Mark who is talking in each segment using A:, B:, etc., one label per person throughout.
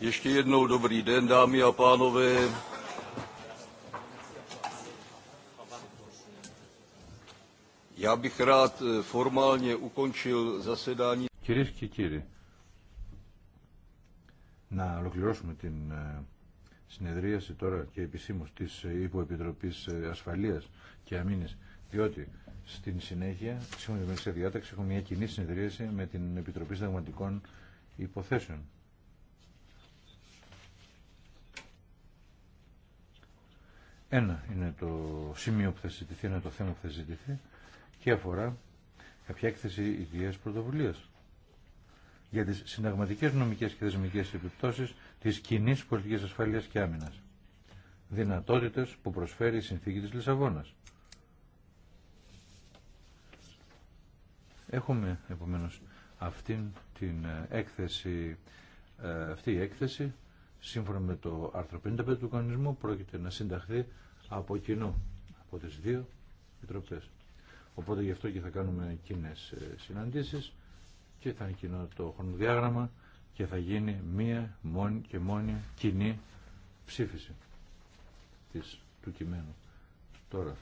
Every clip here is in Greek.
A: Ještě eh, Κυρίε και κύριοι, να ολοκληρώσουμε την ε, συνεδρίαση τώρα και επισήμως τη ε, Υποεπιτροπής ε, Ασφαλεία και Αμήνη, διότι στην συνέχεια, σύμφωνα με τη διάταξη, έχουμε μια κοινή συνεδρίαση με την Επιτροπή Συνταγματικών Υποθέσεων. Ένα είναι το σημείο που θα συζητηθεί, ένα το θέμα που θα συζητηθεί και αφορά κάποια έκθεση ιδιαίτερη πρωτοβουλίας για τις συνταγματικές νομικές και δεσμικές επιπτώσεις της κοινή πολιτικής ασφάλειας και άμυνας. Δυνατότητες που προσφέρει η συνθήκη της Λισαβόνας. Έχουμε επομένως αυτήν την ε, έκθεση, ε, αυτή η έκθεση σύμφωνα με το άρθρο 55 του κανονισμού πρόκειται να συνταχθεί από κοινού από τις δύο επιτροπές. Οπότε γι' αυτό και θα κάνουμε κοινέ ε, συναντήσεις και θα είναι κοινό το χρονοδιάγραμμα και θα γίνει μία μόνη και μόνη κοινή ψήφιση της, του κειμένου. Τώρα,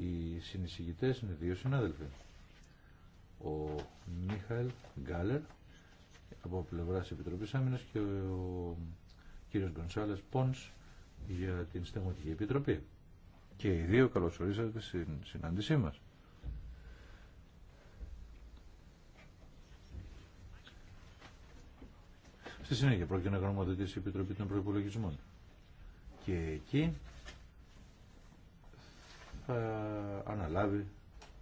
A: οι συνεισηγητές είναι δύο συνάδελφοι. Ο Μίχαελ Γκάλερ από πλευράς Επιτροπής Άμυνας και ο κύριος Γκονσάλε Πόν για την Συνταγματική Επιτροπή. Και οι δύο καλωσορίσατε στην συνάντησή μα. Στη συνέχεια πρόκειται να γνωμοδοτήσει η Επιτροπή των Προπολογισμών. Και εκεί θα αναλάβει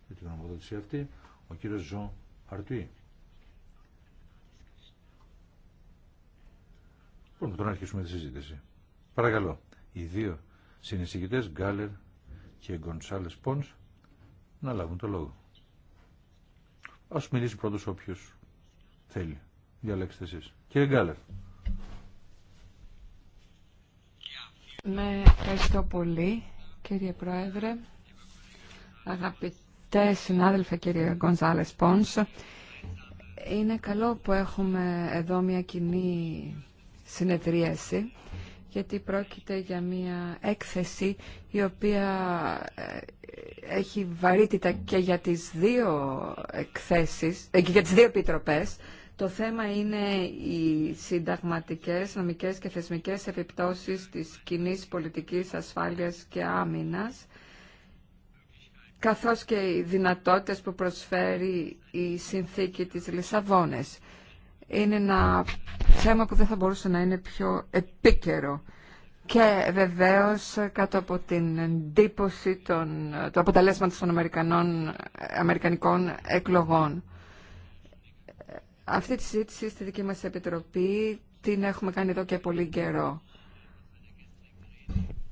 A: με την γνωμοδότηση αυτή ο κύριος Ζων Αρτουή. Λοιπόν, τώρα να αρχίσουμε τη συζήτηση. Παρακαλώ, οι δύο συνεισηγητές, Γκάλερ και Γκονσάλες Πόνς, να λάβουν το λόγο. Ας μιλήσει πρώτος όποιος θέλει. Διαλέξτε εσείς. Κύριε Γκάλερ.
B: Με ναι, ευχαριστώ πολύ, κύριε Πρόεδρε. Αγαπητέ συνάδελφε, κύριε Γκονσάλες Πόνς, είναι καλό που έχουμε εδώ μια κοινή συνεδρίαση γιατί πρόκειται για μια έκθεση η οποία ε, έχει βαρύτητα και για τις δύο εκθέσεις, ε, και για τις δύο επιτροπές. Το θέμα είναι οι συνταγματικές, νομικές και θεσμικές επιπτώσεις της κοινή πολιτικής ασφάλειας και άμυνας, καθώς και οι δυνατότητες που προσφέρει η συνθήκη της Λισαβόνες. Είναι ένα θέμα που δεν θα μπορούσε να είναι πιο επίκαιρο. Και βεβαίως κάτω από την εντύπωση των, του αποτελέσματο των Αμερικανών, Αμερικανικών εκλογών. Αυτή τη συζήτηση στη δική μας επιτροπή την έχουμε κάνει εδώ και πολύ καιρό.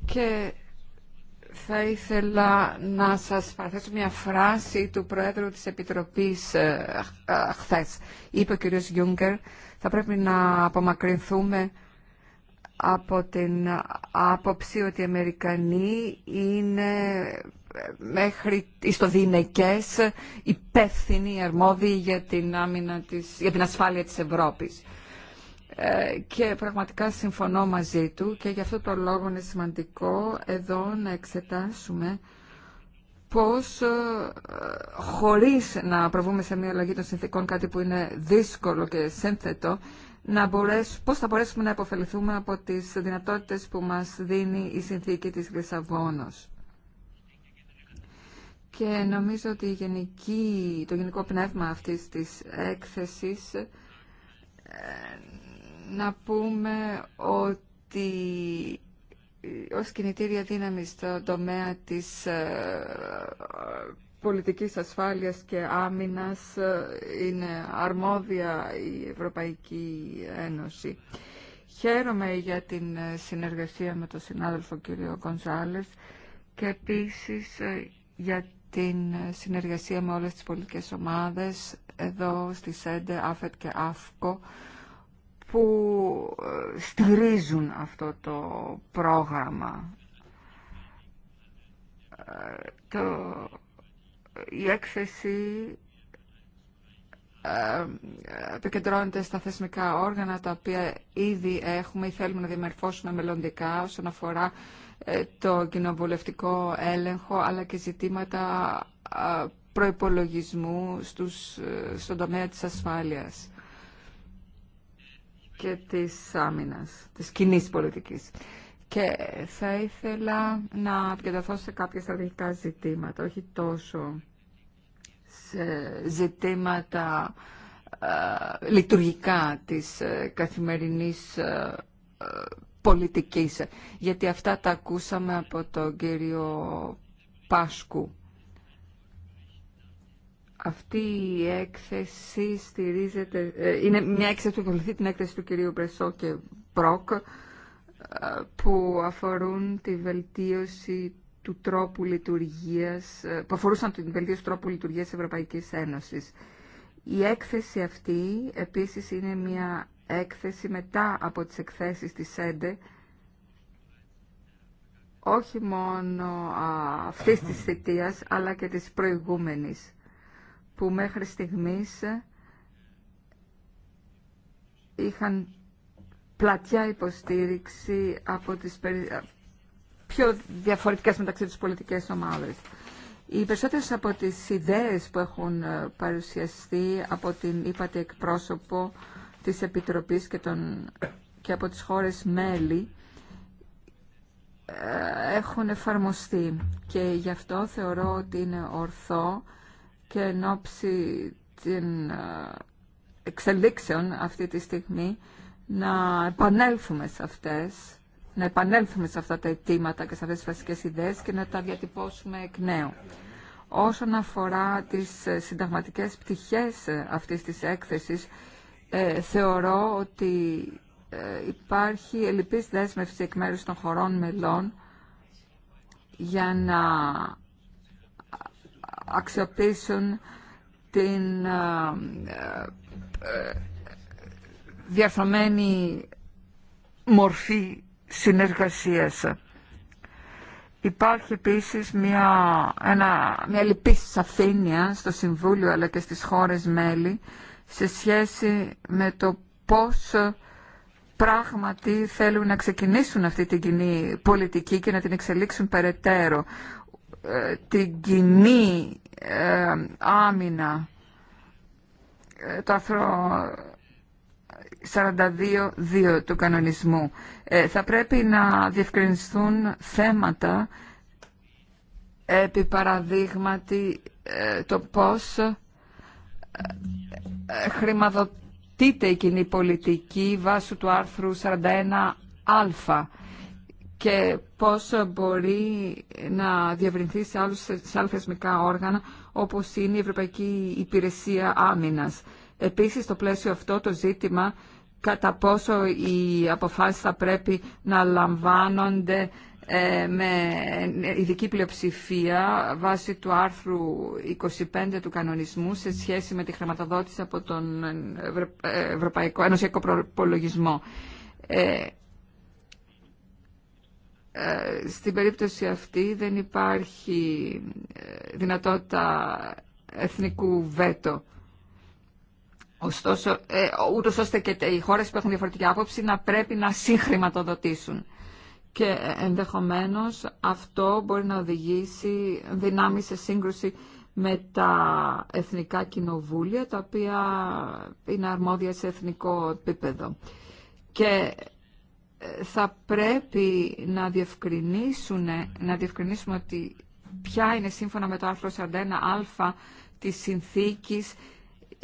B: Και θα ήθελα να σας παραθέσω μια φράση του Προέδρου της Επιτροπής ε, ε, χθες. Είπε ο κ. Γιούγκερ θα πρέπει να απομακρυνθούμε από την άποψη ότι οι Αμερικανοί είναι μέχρι ιστοδυναικές υπεύθυνοι, αρμόδιοι για την, για την ασφάλεια της Ευρώπης. Ε, και πραγματικά συμφωνώ μαζί του και γι' αυτό το λόγο είναι σημαντικό εδώ να εξετάσουμε πως ε, χωρίς να προβούμε σε μια αλλαγή των συνθήκων, κάτι που είναι δύσκολο και σύνθετο, να πώς θα μπορέσουμε να υποφεληθούμε από τις δυνατότητες που μας δίνει η συνθήκη της Λισαβόνος. Και νομίζω ότι γενική, το γενικό πνεύμα αυτής της έκθεσης ε, να πούμε ότι ως κινητήρια δύναμη στον τομέα της ε, πολιτικής ασφάλειας και άμυνας ε, είναι αρμόδια η Ευρωπαϊκή Ένωση. Χαίρομαι για την ε, συνεργασία με τον συνάδελφο κύριο κονζάλες και επίσης για την συνεργασία με όλες τις πολιτικές ομάδες εδώ στη ΣΕΝΤΕ, ΑΦΕΤ και ΑΦΚΟ που ε, στηρίζουν αυτό το πρόγραμμα. Ε, το, η έκθεση ε, επικεντρώνεται στα θεσμικά όργανα τα οποία ήδη έχουμε ή θέλουμε να διαμερφώσουμε μελλοντικά όσον αφορά το κοινοβουλευτικό έλεγχο αλλά και ζητήματα προϋπολογισμού στους, στον τομέα της ασφάλειας και της άμυνας, της κοινή πολιτικής. Και θα ήθελα να επικεντρωθώ σε κάποια στρατηγικά ζητήματα, όχι τόσο σε ζητήματα ε, λειτουργικά της ε, καθημερινής ε, πολιτικής. Γιατί αυτά τα ακούσαμε από τον κύριο Πάσκου αυτή η έκθεση στηρίζεται, ε, είναι μια έκθεση που ακολουθεί την έκθεση του κυρίου Μπρεσό και Πρόκ ε, που αφορούν τη βελτίωση του τρόπου λειτουργίας, ε, που αφορούσαν την βελτίωση του τρόπου λειτουργίας Ευρωπαϊκής Ένωσης. Η έκθεση αυτή επίσης είναι μια έκθεση μετά από τις εκθέσεις της ΕΝΤΕ, όχι μόνο αυτής της θητείας, αλλά και της προηγούμενης που μέχρι στιγμής είχαν πλατιά υποστήριξη από τις πιο διαφορετικές μεταξύ τους πολιτικές ομάδες. Οι περισσότερες από τις ιδέες που έχουν ε, παρουσιαστεί από την είπατε εκπρόσωπο της Επιτροπής και, και από τις χώρες μέλη ε, έχουν εφαρμοστεί και γι' αυτό θεωρώ ότι είναι ορθό και εν ώψη των ε, εξελίξεων αυτή τη στιγμή να επανέλθουμε σε αυτές, να επανέλθουμε σε αυτά τα αιτήματα και σε αυτές τις βασικές ιδέες και να τα διατυπώσουμε εκ νέου. Όσον αφορά τις ε, συνταγματικές πτυχές ε, αυτής της έκθεσης, θεωρώ ότι υπάρχει ελλειπής δέσμευση εκ μέρους των χωρών μελών για να αξιοποιήσουν την ε, ε, ε, διαρθρωμένη μορφή συνεργασίας. Υπάρχει επίσης μια, μια λυπή σαφήνεια στο Συμβούλιο αλλά και στις χώρες μέλη σε σχέση με το πώς πράγματι θέλουν να ξεκινήσουν αυτή την κοινή πολιτική και να την εξελίξουν περαιτέρω την κοινή ε, άμυνα ε, το άρθρο 42.2 του κανονισμού. Ε, θα πρέπει να διευκρινιστούν θέματα επί παραδείγματι το πώς χρηματοδοτείται η κοινή πολιτική βάσει του άρθρου 41α και πώς μπορεί να διευρυνθεί σε, άλλους, σε άλλα θεσμικά όργανα όπως είναι η Ευρωπαϊκή Υπηρεσία Άμυνας. Επίσης, στο πλαίσιο αυτό το ζήτημα κατά πόσο οι αποφάσεις θα πρέπει να λαμβάνονται ε, με ειδική πλειοψηφία βάσει του άρθρου 25 του κανονισμού σε σχέση με τη χρηματοδότηση από τον ε, Ευρωπαϊκό Ενωσιακό Προπολογισμό. Ε, ε, στην περίπτωση αυτή δεν υπάρχει ε, δυνατότητα εθνικού βέτο.
C: Ωστόσο,
B: ε, ούτως ώστε και οι χώρες που έχουν διαφορετική άποψη να πρέπει να συγχρηματοδοτήσουν. Και ε, ενδεχομένως αυτό μπορεί να οδηγήσει δυνάμεις σε σύγκρουση με τα εθνικά κοινοβούλια, τα οποία είναι αρμόδια σε εθνικό επίπεδο. Και θα πρέπει να, διευκρινίσουν, να διευκρινίσουμε ότι ποια είναι σύμφωνα με το άρθρο 41α της συνθήκης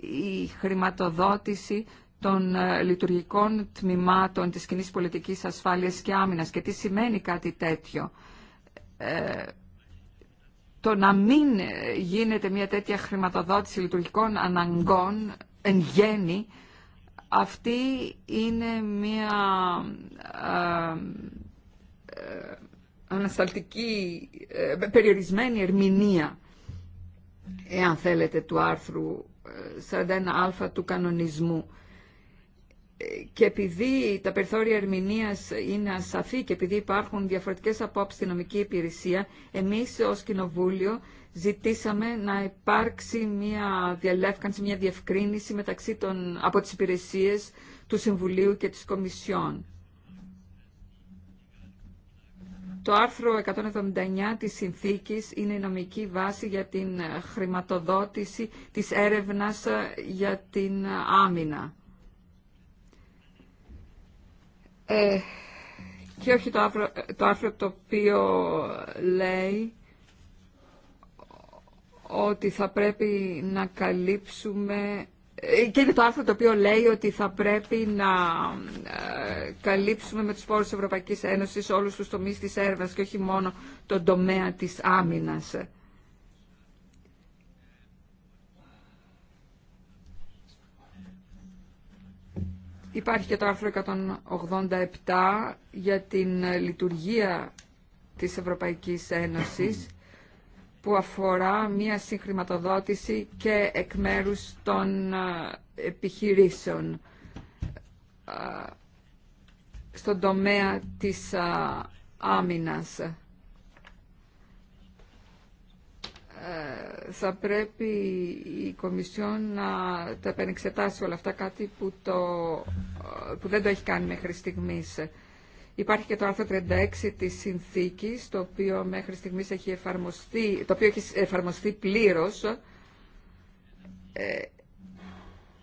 B: η χρηματοδότηση των ε, λειτουργικών τμήματων της κοινή πολιτικής ασφάλειας και άμυνας και τι σημαίνει κάτι τέτοιο. Ε, το να μην γίνεται μια τέτοια χρηματοδότηση λειτουργικών αναγκών εν γέννη αυτή είναι μια ε, ανασταλτική, ε, περιορισμένη ερμηνεία, εάν θέλετε, του άρθρου 41α ε, του κανονισμού. Και επειδή τα περιθώρια ερμηνεία είναι ασαφή και επειδή υπάρχουν διαφορετικές απόψεις στην νομική υπηρεσία, εμείς ως Κοινοβούλιο ζητήσαμε να υπάρξει μια διαλεύκανση, μια διευκρίνηση μεταξύ των, από τις υπηρεσίες του Συμβουλίου και της Κομισιόν. Το άρθρο 179 της Συνθήκης είναι η νομική βάση για την χρηματοδότηση της έρευνας για την άμυνα. Ε, και όχι το άρθρο, το άρθρο το οποίο λέει ότι θα πρέπει να καλύψουμε ε, και είναι το άρθρο το οποίο λέει ότι θα πρέπει να ε, καλύψουμε με τους πόρους της Ευρωπαϊκής Ένωσης όλους τους τομείς της έρευνας και όχι μόνο τον τομέα της άμυνας. Υπάρχει και το άρθρο 187 για την λειτουργία της Ευρωπαϊκής Ένωσης που αφορά μία συγχρηματοδότηση και εκ μέρου των ε, επιχειρήσεων ε, στον τομέα της ε, άμυνας. Θα πρέπει η Κομισιόν να τα επενεξετάσει όλα αυτά, κάτι που, το, που δεν το έχει κάνει μέχρι στιγμής. Υπάρχει και το άρθρο 36 της συνθήκης, το οποίο μέχρι στιγμής έχει εφαρμοστεί, το οποίο έχει εφαρμοστεί πλήρως ε,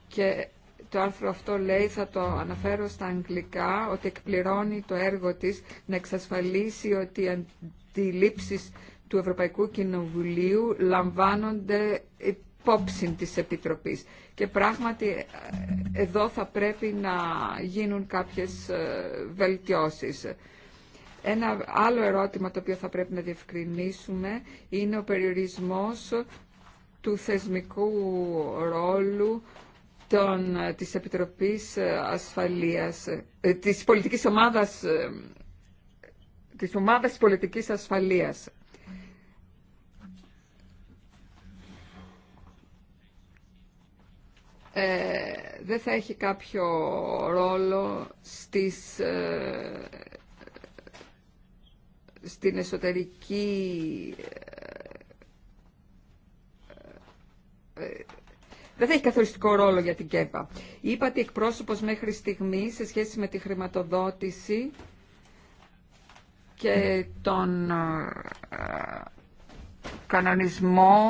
B: και το άρθρο αυτό λέει, θα το αναφέρω στα αγγλικά, ότι εκπληρώνει το έργο της να εξασφαλίσει ότι οι αντιλήψεις του Ευρωπαϊκού Κοινοβουλίου λαμβάνονται υπόψη της Επιτροπής. Και πράγματι ε, εδώ θα πρέπει να γίνουν κάποιες ε, βελτιώσεις. Ένα άλλο ερώτημα το οποίο θα πρέπει να διευκρινίσουμε είναι ο περιορισμός του θεσμικού ρόλου των, ε, της Επιτροπής Ασφαλείας, της πολιτικής ομάδας, της ομάδας πολιτικής ασφαλείας. Ε, δεν θα έχει κάποιο ρόλο στις, ε, στην εσωτερική ε, δεν θα έχει καθοριστικό ρόλο για την ΚΕΠΑ. ότι εκπρόσωπος μέχρι στιγμή σε σχέση με τη χρηματοδότηση και τον κανονισμό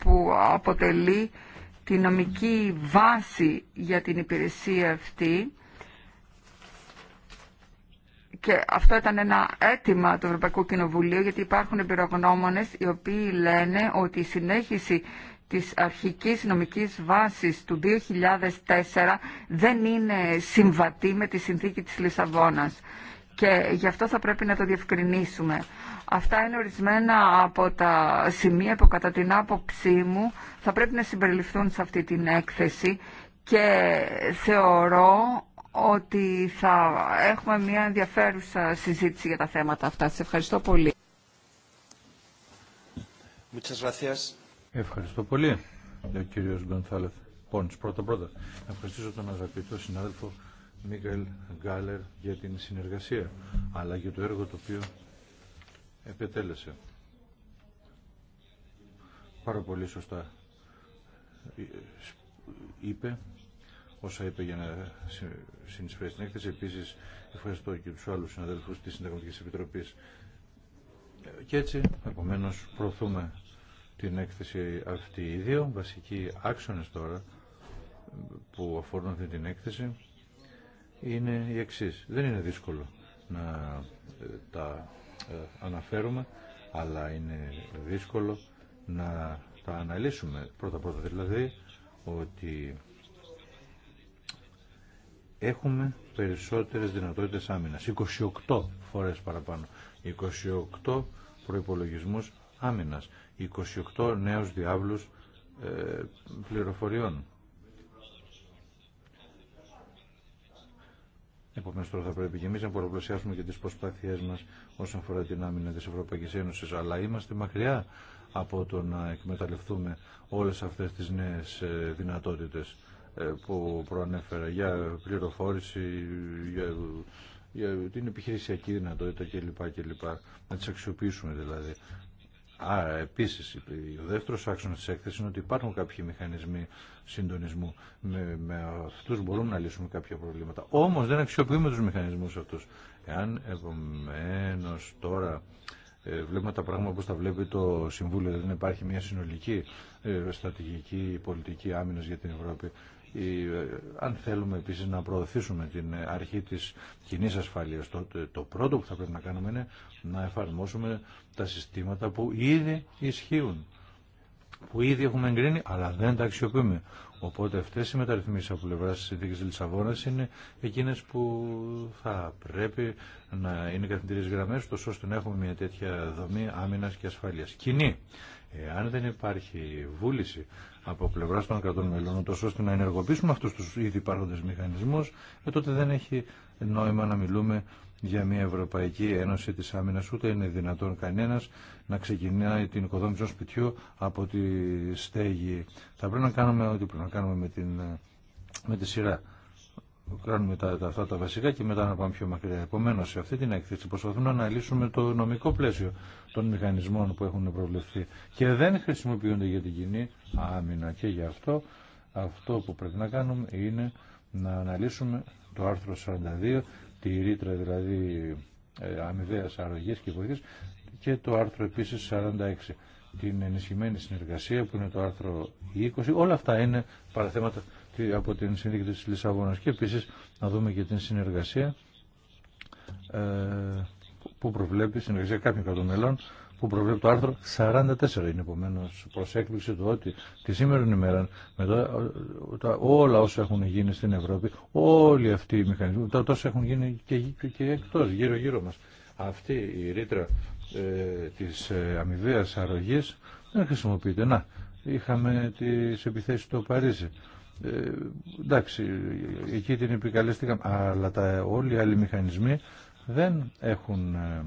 B: που αποτελεί τη νομική βάση για την υπηρεσία αυτή και αυτό ήταν ένα αίτημα του Ευρωπαϊκού Κοινοβουλίου γιατί υπάρχουν εμπειρογνώμονες οι οποίοι λένε ότι η συνέχιση της αρχικής νομικής βάσης του 2004 δεν είναι συμβατή με τη συνθήκη της Λισαβόνας και γι' αυτό θα πρέπει να το διευκρινίσουμε. Αυτά είναι ορισμένα από τα σημεία που κατά την άποψή μου θα πρέπει να συμπεριληφθούν σε αυτή την έκθεση και θεωρώ ότι θα έχουμε μια ενδιαφέρουσα συζήτηση για τα θέματα αυτά. Σας ευχαριστώ πολύ.
A: Ευχαριστώ πολύ, ο κύριος Γκονθάλεθ. πρώτα πρώτα. τον αγαπητό συνάδελφο Μίκαελ Γκάλερ για την συνεργασία, αλλά για το έργο το οποίο επετέλεσε. Πάρα πολύ σωστά ε, είπε όσα είπε για να συνεισφέρει στην έκθεση. Επίσης ευχαριστώ και τους άλλους συναδέλφους της Συνταγματικής Επιτροπής. Ε, και έτσι, επομένως, προωθούμε την έκθεση αυτή. Οι δύο βασικοί άξονες τώρα που αφορούν αυτή την έκθεση είναι η εξή. Δεν είναι δύσκολο να ε, τα ε, αναφέρουμε, αλλά είναι δύσκολο να τα αναλύσουμε. Πρώτα-πρώτα δηλαδή ότι έχουμε περισσότερες δυνατότητες άμυνας. 28 φορές παραπάνω. 28 προϋπολογισμούς άμυνας. 28 νέους διάβλους ε, πληροφοριών. Επομένω, τώρα θα πρέπει και εμεί να πολλαπλασιάσουμε και τι προσπάθειέ μα όσον αφορά την άμυνα τη Ευρωπαϊκή Ένωση. Αλλά είμαστε μακριά από το να εκμεταλλευτούμε όλε αυτέ τι νέε δυνατότητε ε, που προανέφερα για πληροφόρηση, για, για την επιχειρησιακή δυνατότητα κλπ. κλπ. Να τι αξιοποιήσουμε δηλαδή. Άρα επίση, ο δεύτερο άξονα της έκθεσης είναι ότι υπάρχουν κάποιοι μηχανισμοί συντονισμού. Με, με αυτούς μπορούμε να λύσουμε κάποια προβλήματα. Όμω δεν αξιοποιούμε τους μηχανισμούς αυτούς. Εάν επομένω τώρα ε, βλέπουμε τα πράγματα όπως τα βλέπει το Συμβούλιο, δεν υπάρχει μια συνολική ε, στρατηγική πολιτική άμυνας για την Ευρώπη, ε, αν θέλουμε επίσης να προωθήσουμε την ε, αρχή της κοινή ασφαλείας, το, πρώτο που θα πρέπει να κάνουμε είναι να εφαρμόσουμε τα συστήματα που ήδη ισχύουν, που ήδη έχουμε εγκρίνει, αλλά δεν τα αξιοποιούμε. Οπότε αυτές οι μεταρρυθμίσεις από πλευρά της συνθήκης Λισαβόνας είναι εκείνες που θα πρέπει να είναι καθημερινές γραμμές, ώστε να έχουμε μια τέτοια δομή άμυνας και ασφαλείας. Κοινή Εάν δεν υπάρχει βούληση από πλευρά των κρατών μελών, τόσο ώστε να ενεργοποιήσουμε αυτού του ήδη υπάρχοντε μηχανισμού, ε, τότε δεν έχει νόημα να μιλούμε για μια Ευρωπαϊκή Ένωση τη Άμυνα. Ούτε είναι δυνατόν κανένα να ξεκινάει την οικοδόμηση των σπιτιού από τη στέγη. Θα πρέπει να κάνουμε ό,τι πρέπει να κάνουμε με, την, με τη σειρά κάνουμε τα, αυτά τα βασικά και μετά να πάμε πιο μακριά. Επομένω, σε αυτή την έκθεση προσπαθούμε να αναλύσουμε το νομικό πλαίσιο των μηχανισμών που έχουν προβλεφθεί και δεν χρησιμοποιούνται για την κοινή άμυνα. Και γι' αυτό αυτό που πρέπει να κάνουμε είναι να αναλύσουμε το άρθρο 42, τη ρήτρα δηλαδή ε, αμοιβαία αρρωγή και βοήθεια και το άρθρο επίση 46 την ενισχυμένη συνεργασία που είναι το άρθρο 20, όλα αυτά είναι παραθέματα από την Συνθήκη της Λισαβόνας και επίσης να δούμε και την συνεργασία ε, που προβλέπει, συνεργασία κάποιων μελών που προβλέπει το άρθρο 44 είναι επομένω προ έκπληξη του ότι τη σήμερα ημέρα με τα, όλα όσα έχουν γίνει στην Ευρώπη, όλοι αυτοί οι μηχανισμοί, τα, τόσα έχουν γίνει και, και, εκτό, γύρω-γύρω μα. Αυτή η ρήτρα ε, τη ε, αμοιβαία αρρωγή δεν χρησιμοποιείται. Να, είχαμε τι επιθέσει στο Παρίσι. Ε, εντάξει, εκεί την επικαλέστηκαμε, αλλά τα, όλοι οι άλλοι μηχανισμοί δεν έχουν ε,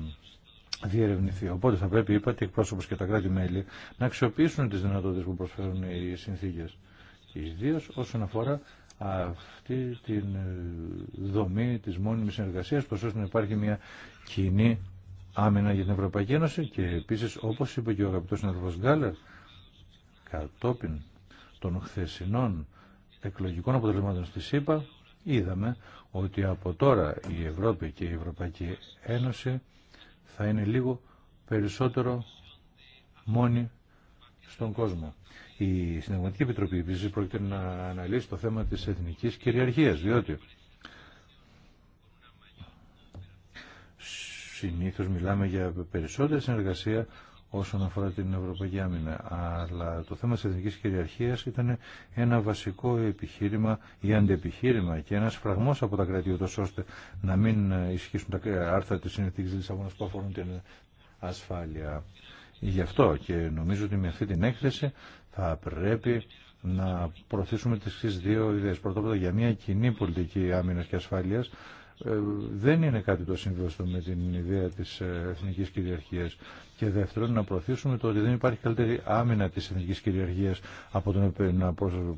A: διερευνηθεί. Οπότε θα πρέπει, είπατε, εκπρόσωπος και τα κράτη-μέλη να αξιοποιήσουν τις δυνατότητες που προσφέρουν οι συνθήκες. Ιδίω όσον αφορά αυτή τη ε, δομή της μόνιμης συνεργασίας, τόσο ώστε να υπάρχει μια κοινή άμυνα για την Ευρωπαϊκή Ένωση και επίσης, όπως είπε και ο αγαπητός συνάδελφος Γκάλερ, κατόπιν των χθεσινών εκλογικών αποτελεσμάτων στη ΣΥΠΑ είδαμε ότι από τώρα η Ευρώπη και η Ευρωπαϊκή Ένωση θα είναι λίγο περισσότερο μόνη στον κόσμο. Η Συνταγματική Επιτροπή επίση πρόκειται να αναλύσει το θέμα της εθνικής κυριαρχίας, διότι συνήθως μιλάμε για περισσότερη συνεργασία όσον αφορά την Ευρωπαϊκή Άμυνα. Αλλά το θέμα της εθνικής κυριαρχίας ήταν ένα βασικό επιχείρημα ή αντεπιχείρημα και ένας φραγμός από τα κράτη ώστε να μην ισχύσουν τα άρθρα της συνθήκης Λισαβόνας που αφορούν την ασφάλεια. Γι' αυτό και νομίζω ότι με αυτή την έκθεση θα πρέπει να προωθήσουμε τις δύο ιδέες. Πρώτα απ' όλα για μια κοινή πολιτική άμυνας και ασφάλειας ε, δεν είναι κάτι το συμβαστό με την ιδέα της ε, εθνικής κυριαρχίας. Και δεύτερον, να προωθήσουμε το ότι δεν υπάρχει καλύτερη άμυνα της εθνικής κυριαρχίας από το να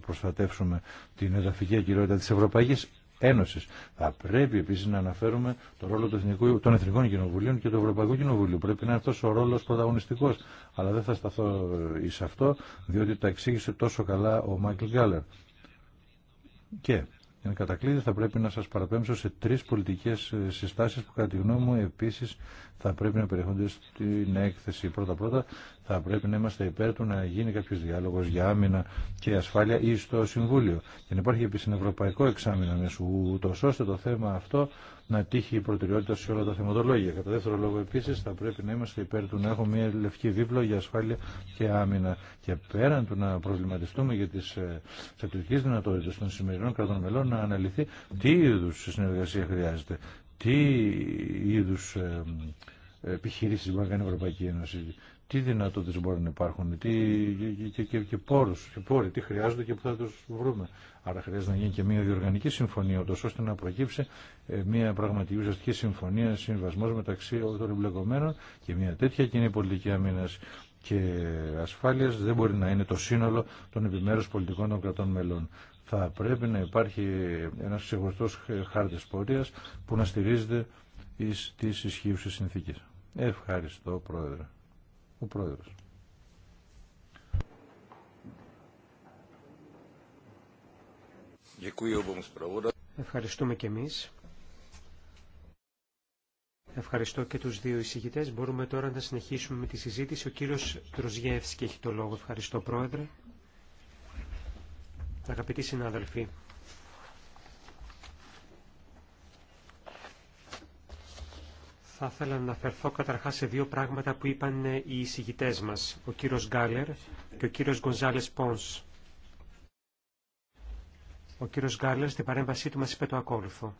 A: προστατεύσουμε την εδαφική ακυρότητα της Ευρωπαϊκής Ένωσης. Θα πρέπει επίσης να αναφέρουμε τον ρόλο του Εθνικού, των Εθνικών Κοινοβουλίων και του Ευρωπαϊκού Κοινοβουλίου. Πρέπει να είναι αυτός ο ρόλος πρωταγωνιστικός. Αλλά δεν θα σταθώ ε, εις αυτό, διότι τα εξήγησε τόσο καλά ο Μάικλ Γκάλερ. Και να κατακλείδη θα πρέπει να σας παραπέμψω σε τρεις πολιτικές ε, συστάσεις που κατά τη γνώμη μου επίσης θα πρέπει να περιέχονται στην έκθεση. Πρώτα-πρώτα θα πρέπει να είμαστε υπέρ του να γίνει κάποιο διάλογο για άμυνα και ασφάλεια ή στο Συμβούλιο. Και να υπάρχει επίση ευρωπαϊκό εξάμεινο μέσου, ούτω ώστε το θέμα αυτό να τύχει η προτεραιότητα σε όλα τα θεματολόγια. Κατά δεύτερο λόγο, επίση, θα πρέπει να είμαστε υπέρ του να έχουμε μια λευκή βίβλο για ασφάλεια και άμυνα. Και πέραν του να προβληματιστούμε για τι στρατιωτικέ ε, δυνατότητε των σημερινών κρατών μελών, να αναλυθεί τι είδου συνεργασία χρειάζεται, τι είδου ε, ε, επιχειρήσει μπορεί να η Ευρωπαϊκή Ένωση τι δυνατότητες μπορεί να υπάρχουν, τι, και, και, και, πόρους, και πόροι, τι χρειάζονται και που θα τους βρούμε. Άρα χρειάζεται να γίνει και μια διοργανική συμφωνία, ούτως ώστε να προκύψει ε, μια πραγματική ουσιαστική συμφωνία, συμβασμός μεταξύ όλων των εμπλεκομένων και μια τέτοια κοινή πολιτική αμήνας και ασφάλειας δεν μπορεί να είναι το σύνολο των επιμέρους πολιτικών των κρατών μελών. Θα πρέπει να υπάρχει ένας ξεχωριστό χάρτης πορείας που να στηρίζεται στις ισχύουσε συνθήκες. Ευχαριστώ Πρόεδρε ο Πρόεδρος.
C: Ευχαριστούμε και εμείς. Ευχαριστώ και τους δύο εισηγητές. Μπορούμε τώρα να συνεχίσουμε με τη συζήτηση. Ο κύριος Τροζιεύσκη έχει το λόγο. Ευχαριστώ, Πρόεδρε. Αγαπητοί συνάδελφοι, Θα ήθελα να αναφερθώ καταρχά σε δύο πράγματα που είπαν οι εισηγητέ μας, ο κύριο Γκάλερ και ο κύριο Γκονζάλε Πόν. Ο κύριο Γκάλερ στην παρέμβασή του μας είπε το ακόλουθο.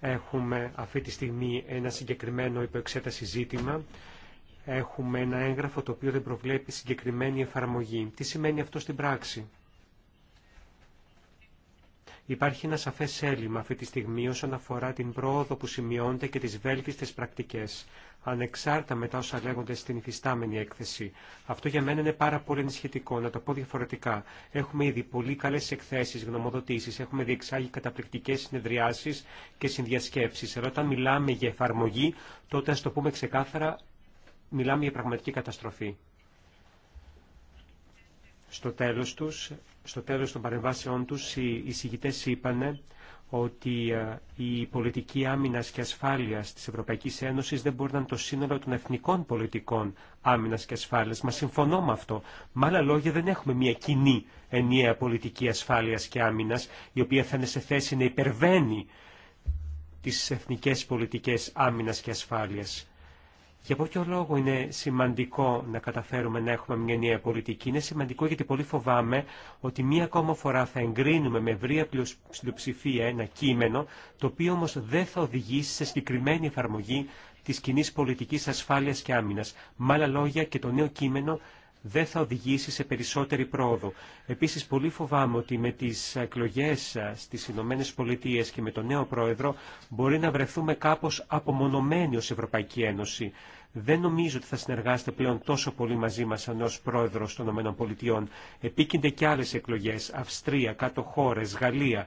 C: Έχουμε αυτή τη στιγμή ένα συγκεκριμένο υποεξέταση ζήτημα. Έχουμε ένα έγγραφο το οποίο δεν προβλέπει συγκεκριμένη εφαρμογή. Τι σημαίνει αυτό στην πράξη. Υπάρχει ένα σαφέ έλλειμμα αυτή τη στιγμή όσον αφορά την πρόοδο που σημειώνεται και τι βέλτιστε πρακτικέ. ανεξάρτητα μετά όσα λέγονται στην υφιστάμενη έκθεση. Αυτό για μένα είναι πάρα πολύ ενισχυτικό, να το πω διαφορετικά. Έχουμε ήδη πολύ καλέ εκθέσει γνωμοδοτήσει, έχουμε διεξάγει καταπληκτικέ συνεδριάσει και συνδιασκέψεις. Αλλά όταν μιλάμε για εφαρμογή, τότε α το πούμε ξεκάθαρα, μιλάμε για πραγματική καταστροφή. Στο τέλος τους στο τέλος των παρεμβάσεών τους οι εισηγητές είπαν ότι ε, η πολιτική άμυνας και ασφάλειας της Ευρωπαϊκής Ένωσης δεν μπορεί να είναι το σύνολο των εθνικών πολιτικών άμυνας και ασφάλειας. Μα συμφωνώ με αυτό. Με άλλα λόγια δεν έχουμε μια κοινή ενιαία πολιτική ασφάλειας και άμυνας η οποία θα είναι σε θέση να υπερβαίνει τις εθνικές πολιτικές άμυνας και ασφάλειας. Για ποιο λόγο είναι σημαντικό να καταφέρουμε να έχουμε μια νέα πολιτική. Είναι σημαντικό γιατί πολύ φοβάμαι ότι μία ακόμα φορά θα εγκρίνουμε με ευρία πλειοψηφία ένα κείμενο, το οποίο όμως δεν θα οδηγήσει σε συγκεκριμένη εφαρμογή της κοινή πολιτικής ασφάλειας και άμυνας. Με άλλα λόγια και το νέο κείμενο δεν θα οδηγήσει σε περισσότερη πρόοδο. Επίσης, πολύ φοβάμαι ότι με τις εκλογές ε, στις Ηνωμένες Πολιτείες και με τον νέο πρόεδρο μπορεί να βρεθούμε κάπως απομονωμένοι ως Ευρωπαϊκή Ένωση. Δεν νομίζω ότι θα συνεργάσετε πλέον τόσο πολύ μαζί μας σαν ω πρόεδρος των ΗΠΑ. Επίκυνται και άλλε εκλογέ, Αυστρία, κάτω χώρε, Γαλλία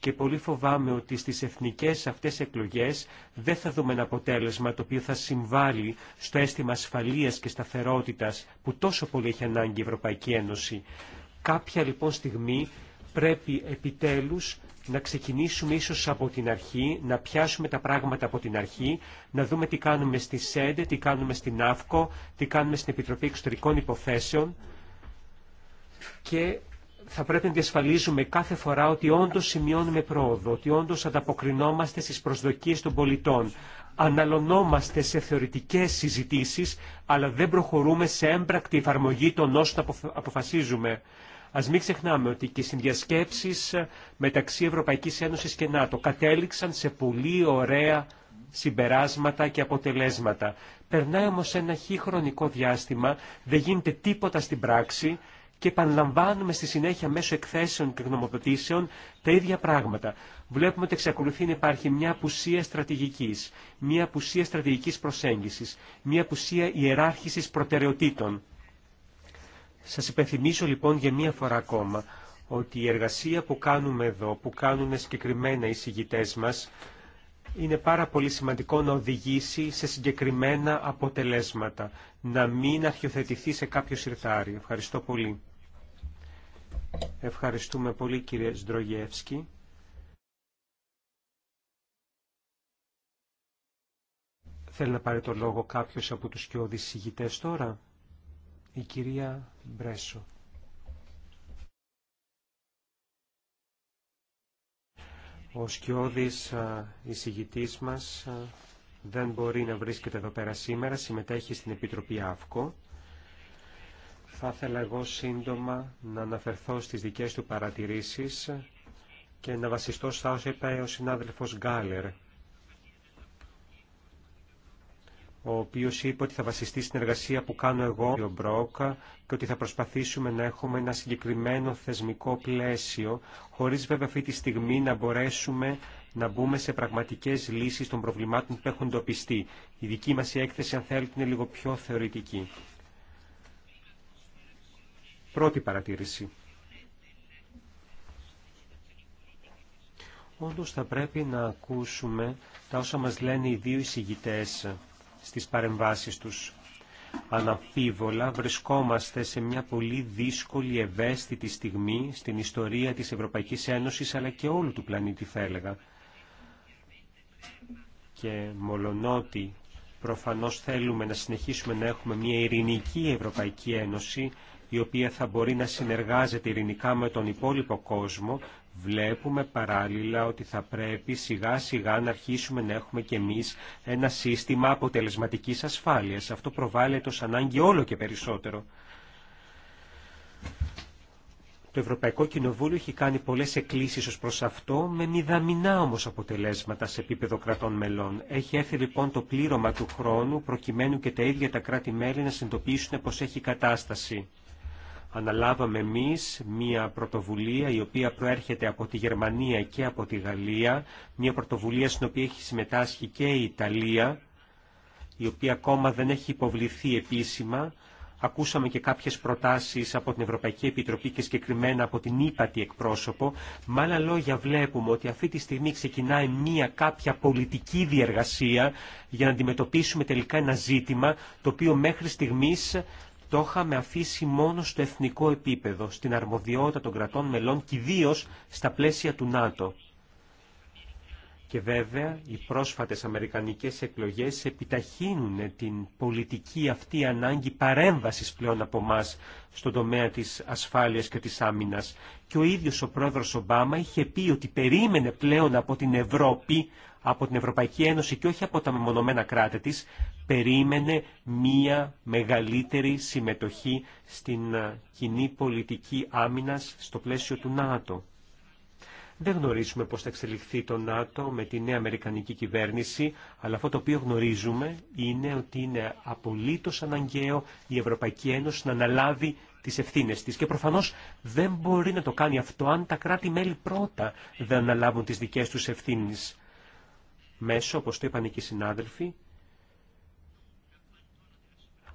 C: και πολύ φοβάμαι ότι στις εθνικές αυτές εκλογές δεν θα δούμε ένα αποτέλεσμα το οποίο θα συμβάλλει στο αίσθημα ασφαλείας και σταθερότητας που τόσο πολύ έχει ανάγκη η Ευρωπαϊκή Ένωση. Κάποια λοιπόν στιγμή πρέπει επιτέλους να ξεκινήσουμε ίσως από την αρχή, να πιάσουμε τα πράγματα από την αρχή, να δούμε τι κάνουμε στη ΣΕΔΕ τι κάνουμε στην ΑΦΚΟ, τι κάνουμε στην Επιτροπή Εξωτερικών Υποθέσεων θα πρέπει να διασφαλίζουμε κάθε φορά ότι όντως σημειώνουμε πρόοδο, ότι όντως ανταποκρινόμαστε στις προσδοκίες των πολιτών. Αναλωνόμαστε σε θεωρητικές συζητήσεις, αλλά δεν προχωρούμε σε έμπρακτη εφαρμογή των όσων αποφασίζουμε. Ας μην ξεχνάμε ότι και οι συνδιασκέψεις ε, μεταξύ Ευρωπαϊκής Ένωσης και ΝΑΤΟ κατέληξαν σε πολύ ωραία συμπεράσματα και αποτελέσματα. Περνάει όμως ένα χι χρονικό διάστημα, δεν γίνεται τίποτα στην πράξη και επαναλαμβάνουμε στη συνέχεια μέσω εκθέσεων και γνωμοδοτήσεων τα ίδια πράγματα. Βλέπουμε ότι εξακολουθεί να υπάρχει μια απουσία στρατηγική, μια απουσία στρατηγική προσέγγιση, μια απουσία ιεράρχηση προτεραιοτήτων. Σα υπενθυμίσω λοιπόν για μία φορά ακόμα ότι η εργασία που κάνουμε εδώ, που κάνουν συγκεκριμένα οι συγγητέ μας, είναι πάρα πολύ σημαντικό να οδηγήσει σε συγκεκριμένα αποτελέσματα, να μην αρχιοθετηθεί σε κάποιο συρθάρι. Ευχαριστώ πολύ. Ευχαριστούμε πολύ κύριε Σντρογεύσκη. Θέλει να πάρει το λόγο κάποιος από τους και συγητές τώρα. Η κυρία Μπρέσο. Ο σκιώδης εισηγητής μας δεν μπορεί να βρίσκεται εδώ πέρα σήμερα, συμμετέχει στην Επιτροπή ΑΦΚΟ. Θα ήθελα εγώ σύντομα να αναφερθώ στις δικές του παρατηρήσεις και να βασιστώ στα όσα είπε ο συνάδελφος Γκάλερ, ο οποίος είπε ότι θα βασιστεί στην εργασία που κάνω εγώ και ο Μπρόκα και ότι θα προσπαθήσουμε να έχουμε ένα συγκεκριμένο θεσμικό πλαίσιο, χωρίς βέβαια αυτή τη στιγμή να μπορέσουμε να μπούμε σε πραγματικές λύσεις των προβλημάτων που έχουν τοπιστεί. Η δική μας έκθεση, αν θέλετε, είναι λίγο πιο θεωρητική. Πρώτη παρατήρηση. Όντως θα πρέπει να ακούσουμε τα όσα μας λένε οι δύο εισηγητές στις παρεμβάσεις τους. Αναμφίβολα βρισκόμαστε σε μια πολύ δύσκολη ευαίσθητη στιγμή στην ιστορία της Ευρωπαϊκής Ένωσης αλλά και όλου του πλανήτη θα έλεγα. Και μολονότι προφανώς θέλουμε να συνεχίσουμε να έχουμε μια ειρηνική Ευρωπαϊκή Ένωση η οποία θα μπορεί να συνεργάζεται ειρηνικά με τον υπόλοιπο κόσμο, βλέπουμε παράλληλα ότι θα πρέπει σιγά σιγά να αρχίσουμε να έχουμε κι εμείς ένα σύστημα αποτελεσματικής ασφάλειας. Αυτό προβάλλεται ως ανάγκη όλο και περισσότερο. Το Ευρωπαϊκό Κοινοβούλιο έχει κάνει πολλές εκκλήσεις ως προς αυτό, με μηδαμινά όμως αποτελέσματα σε επίπεδο κρατών μελών. Έχει έρθει λοιπόν το πλήρωμα του χρόνου, προκειμένου και τα ίδια τα κράτη-μέλη να συνειδητοποιήσουν πως έχει κατάσταση αναλάβαμε εμείς μια πρωτοβουλία η οποία προέρχεται από τη Γερμανία και από τη Γαλλία, μια πρωτοβουλία στην οποία έχει συμμετάσχει και η Ιταλία, η οποία ακόμα δεν έχει υποβληθεί επίσημα. Ακούσαμε και κάποιες προτάσεις από την Ευρωπαϊκή Επιτροπή και συγκεκριμένα από την ύπατη εκπρόσωπο. Με άλλα λόγια βλέπουμε ότι αυτή τη στιγμή ξεκινάει μία κάποια πολιτική διεργασία για να αντιμετωπίσουμε τελικά ένα ζήτημα το οποίο μέχρι στιγμής το είχαμε αφήσει μόνο στο εθνικό επίπεδο, στην αρμοδιότητα των κρατών μελών και ιδίω στα πλαίσια του ΝΑΤΟ. Και βέβαια οι πρόσφατες αμερικανικές εκλογές επιταχύνουν την πολιτική αυτή ανάγκη παρέμβασης πλέον από εμά στον τομέα της ασφάλειας και της άμυνας. Και ο ίδιος ο πρόεδρος Ομπάμα είχε πει ότι περίμενε πλέον από την Ευρώπη, από την Ευρωπαϊκή Ένωση και όχι από τα μεμονωμένα κράτη της, περίμενε μία μεγαλύτερη συμμετοχή στην ε, κοινή πολιτική άμυνας στο πλαίσιο του ΝΑΤΟ. Δεν γνωρίζουμε πώς θα εξελιχθεί το ΝΑΤΟ με τη νέα Αμερικανική κυβέρνηση, αλλά αυτό το οποίο γνωρίζουμε είναι ότι είναι απολύτως αναγκαίο η Ευρωπαϊκή Ένωση να αναλάβει τις ευθύνες της. Και προφανώς δεν μπορεί να το κάνει αυτό αν τα κράτη-μέλη πρώτα δεν αναλάβουν τις δικές τους ευθύνες. Μέσω, όπως το είπαν και οι συνάδελφοι,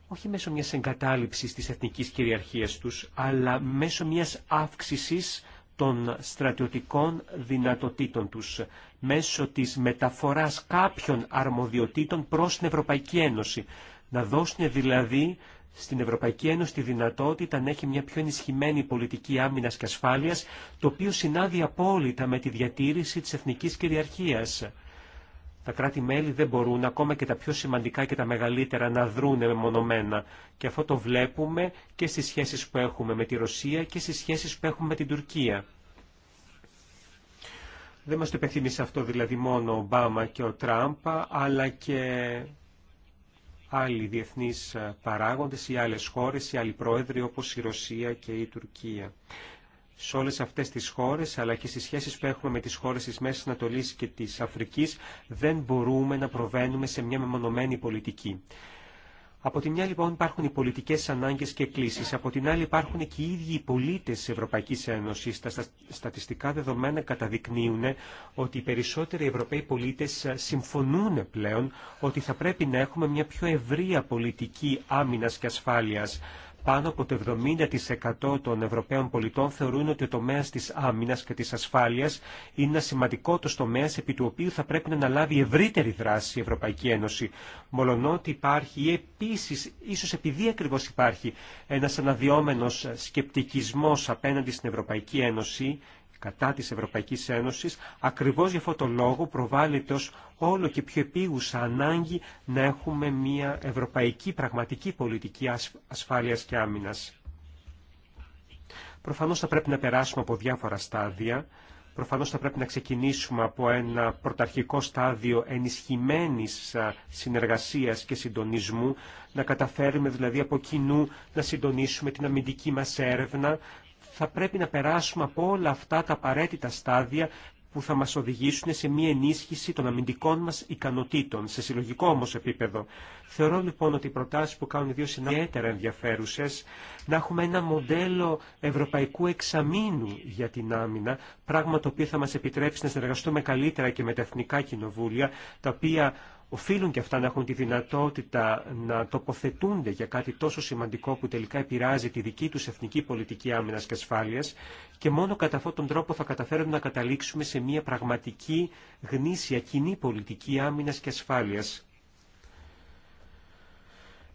C: όχι μέσω μιας εγκατάλειψης της εθνικής κυριαρχίας τους, αλλά μέσω μιας αύξησης των στρατιωτικών δυνατοτήτων τους μέσω της μεταφοράς κάποιων αρμοδιοτήτων προς την Ευρωπαϊκή Ένωση. Να δώσουν δηλαδή στην Ευρωπαϊκή Ένωση τη δυνατότητα να έχει μια πιο ενισχυμένη πολιτική άμυνας και ασφάλειας, το οποίο συνάδει απόλυτα με τη διατήρηση της εθνικής κυριαρχίας. Τα κράτη-μέλη δεν μπορούν, ακόμα και τα πιο σημαντικά και τα μεγαλύτερα, να δρούν μεμονωμένα. Και αυτό το βλέπουμε και στις σχέσεις που έχουμε με τη Ρωσία και στις σχέσεις που έχουμε με την Τουρκία. Δεν μας το υπενθύμισε αυτό δηλαδή μόνο ο Ομπάμα και ο Τράμπα, αλλά και άλλοι διεθνείς παράγοντες ή άλλες χώρες ή άλλοι πρόεδροι όπως η Ρωσία και η Τουρκία σε όλες αυτές τις χώρες, αλλά και στις σχέσεις που έχουμε με τις χώρες της Μέσης Ανατολής και της Αφρικής, δεν μπορούμε να προβαίνουμε σε μια μεμονωμένη πολιτική. Από τη μια λοιπόν υπάρχουν οι πολιτικές ανάγκες και κλήσει, από την άλλη υπάρχουν και οι ίδιοι οι πολίτες της Ευρωπαϊκής Ένωσης. Τα στατιστικά δεδομένα καταδεικνύουν ότι οι περισσότεροι Ευρωπαίοι πολίτες συμφωνούν πλέον ότι θα πρέπει να έχουμε μια πιο ευρεία πολιτική άμυνας και ασφάλειας πάνω από το 70% των Ευρωπαίων πολιτών θεωρούν ότι ο τομέας της άμυνας και της ασφάλειας είναι ένα σημαντικό επί του οποίου θα πρέπει να αναλάβει ευρύτερη δράση η Ευρωπαϊκή Ένωση. Μολονότι υπάρχει ή επίσης, ίσως επειδή ακριβώ υπάρχει ένας αναδιόμενος σκεπτικισμός απέναντι στην Ευρωπαϊκή Ένωση κατά της Ευρωπαϊκής Ένωσης, ακριβώς για αυτόν τον λόγο προβάλλεται ως όλο και πιο επίγουσα ανάγκη να έχουμε μια ευρωπαϊκή πραγματική πολιτική ασφάλειας και άμυνας. Προφανώς θα πρέπει να περάσουμε από διάφορα στάδια. Προφανώς θα πρέπει να ξεκινήσουμε από ένα πρωταρχικό στάδιο ενισχυμένης συνεργασίας και συντονισμού, να καταφέρουμε δηλαδή από κοινού να συντονίσουμε την αμυντική μας έρευνα, θα πρέπει να περάσουμε από όλα αυτά τα απαραίτητα στάδια που θα μας οδηγήσουν σε μία ενίσχυση των αμυντικών μας ικανοτήτων, σε συλλογικό όμως επίπεδο. Θεωρώ λοιπόν ότι οι προτάσεις που κάνουν οι δύο είναι ιδιαίτερα ενδιαφέρουσες, να έχουμε ένα μοντέλο ευρωπαϊκού εξαμήνου για την άμυνα, πράγμα το οποίο θα μας επιτρέψει να συνεργαστούμε καλύτερα και με τα εθνικά κοινοβούλια, τα οποία οφείλουν και αυτά να έχουν τη δυνατότητα να τοποθετούνται για κάτι τόσο σημαντικό που τελικά επηρεάζει τη δική τους εθνική πολιτική άμυνας και ασφάλειας και μόνο κατά αυτόν τον τρόπο θα καταφέρουμε να καταλήξουμε σε μια πραγματική γνήσια κοινή πολιτική άμυνας και ασφάλειας.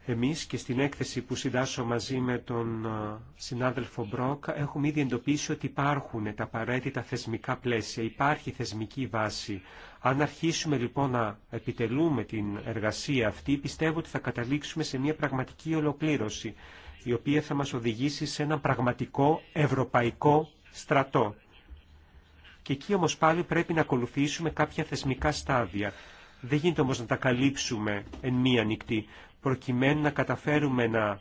C: Εμείς και στην έκθεση που συντάσσω μαζί με τον συνάδελφο Μπρόκ έχουμε ήδη εντοπίσει ότι υπάρχουν τα απαραίτητα θεσμικά πλαίσια, υπάρχει θεσμική βάση. Αν αρχίσουμε λοιπόν να επιτελούμε την εργασία αυτή, πιστεύω ότι θα καταλήξουμε σε μια πραγματική ολοκλήρωση, η οποία θα μας οδηγήσει σε ένα πραγματικό ευρωπαϊκό στρατό. Και εκεί όμως πάλι πρέπει να ακολουθήσουμε κάποια θεσμικά στάδια. Δεν γίνεται όμως να τα καλύψουμε εν μία νυχτή, προκειμένου να καταφέρουμε να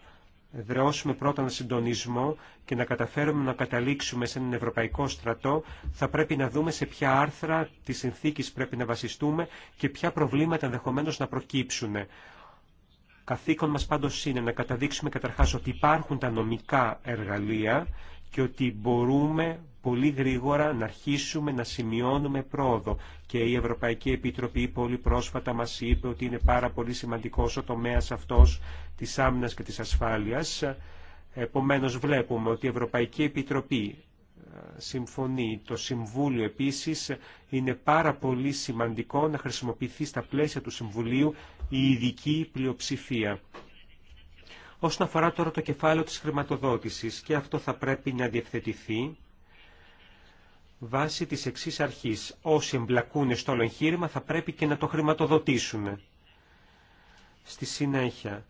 C: δρεώσουμε πρώτα συντονισμό και να καταφέρουμε να καταλήξουμε σε έναν ευρωπαϊκό στρατό, θα πρέπει να δούμε σε ποια άρθρα τη συνθήκη πρέπει να βασιστούμε και ποια προβλήματα ενδεχομένω να προκύψουν. Καθήκον μας πάντως είναι να καταδείξουμε καταρχάς ότι υπάρχουν τα νομικά εργαλεία και ότι μπορούμε πολύ γρήγορα να αρχίσουμε να σημειώνουμε πρόοδο. Και η Ευρωπαϊκή Επιτροπή πολύ πρόσφατα μας είπε ότι είναι πάρα πολύ σημαντικός ο τομέας αυτός της άμυνας και της ασφάλειας. Επομένως βλέπουμε ότι η Ευρωπαϊκή Επιτροπή ε, συμφωνεί. Το Συμβούλιο επίσης είναι πάρα πολύ σημαντικό να χρησιμοποιηθεί στα πλαίσια του Συμβουλίου η ειδική πλειοψηφία. Όσον αφορά τώρα το κεφάλαιο της χρηματοδότησης και αυτό θα πρέπει να διευθετηθεί βάσει της εξής αρχής. Όσοι εμπλακούν στο όλο εγχείρημα θα πρέπει και να το χρηματοδοτήσουν. Στη συνέχεια,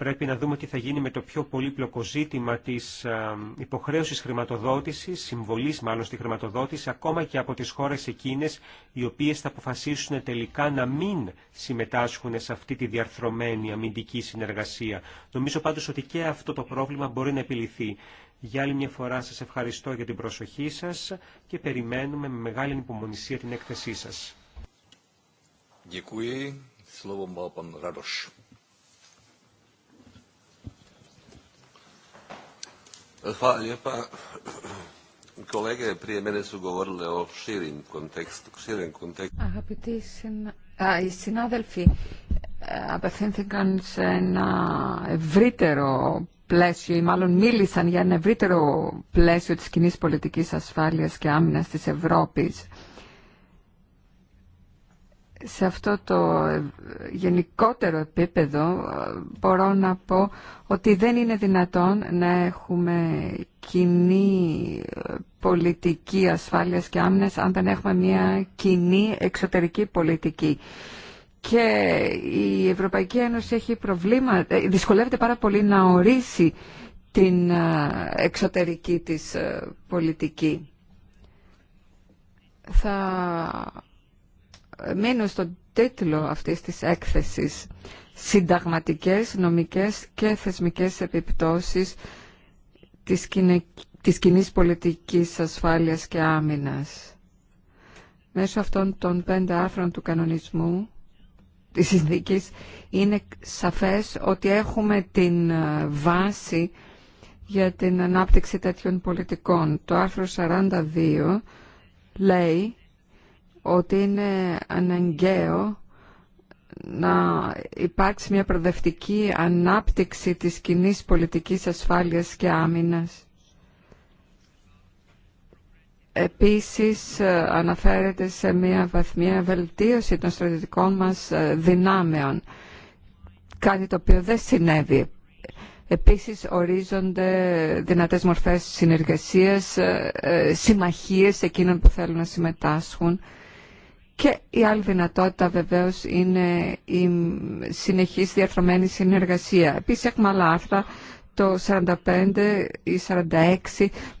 C: Πρέπει να δούμε τι θα γίνει με το πιο πολύπλοκο ζήτημα της ε, υποχρέωσης χρηματοδότησης, συμβολής μάλλον στη χρηματοδότηση, ακόμα και από τις χώρες εκείνες οι οποίες θα αποφασίσουν τελικά να μην συμμετάσχουν σε αυτή τη διαρθρωμένη αμυντική συνεργασία. Νομίζω πάντως ότι και αυτό το πρόβλημα μπορεί να επιληθεί. Για άλλη μια φορά σας ευχαριστώ για την προσοχή σας και περιμένουμε με μεγάλη υπομονησία την έκθεσή σας.
A: Hvala lijepa. Kolege prije mene su govorile o širim kontekstu, Širim kontekstu.
B: Αγαπητοί συνα... Α, οι συνάδελφοι ε, απευθύνθηκαν σε ένα ευρύτερο πλαίσιο ή μάλλον μίλησαν για ένα ευρύτερο πλαίσιο της κοινή πολιτικής ασφάλειας και άμυνας της Ευρώπης σε αυτό το γενικότερο επίπεδο μπορώ να πω ότι δεν είναι δυνατόν να έχουμε κοινή πολιτική ασφάλειας και άμυνας αν δεν έχουμε μια κοινή εξωτερική πολιτική. Και η Ευρωπαϊκή Ένωση έχει προβλήμα ε, δυσκολεύεται πάρα πολύ να ορίσει την ε, εξωτερική της ε, πολιτική. Θα μένω στον τίτλο αυτής της έκθεσης «Συνταγματικές, νομικές και θεσμικές επιπτώσεις της, κοινή, της κοινής πολιτικής ασφάλειας και άμυνας». Μέσω αυτών των πέντε άρθρων του κανονισμού της συνθήκης είναι σαφές ότι έχουμε την ε, βάση για την ανάπτυξη τέτοιων πολιτικών. Το άρθρο 42 λέει ότι είναι αναγκαίο να υπάρξει μια προδευτική ανάπτυξη της κοινή πολιτικής ασφάλειας και άμυνας. Επίσης ε, αναφέρεται σε μια βαθμία βελτίωση των στρατιωτικών μας ε, δυνάμεων, κάτι το οποίο δεν συνέβη. Επίσης ορίζονται δυνατές μορφές συνεργασίας, ε, συμμαχίες εκείνων που θέλουν να συμμετάσχουν και η άλλη δυνατότητα βεβαίως είναι η συνεχής διαρθρωμένη συνεργασία. Επίσης έχουμε άλλα άρθρα το 45 ή 46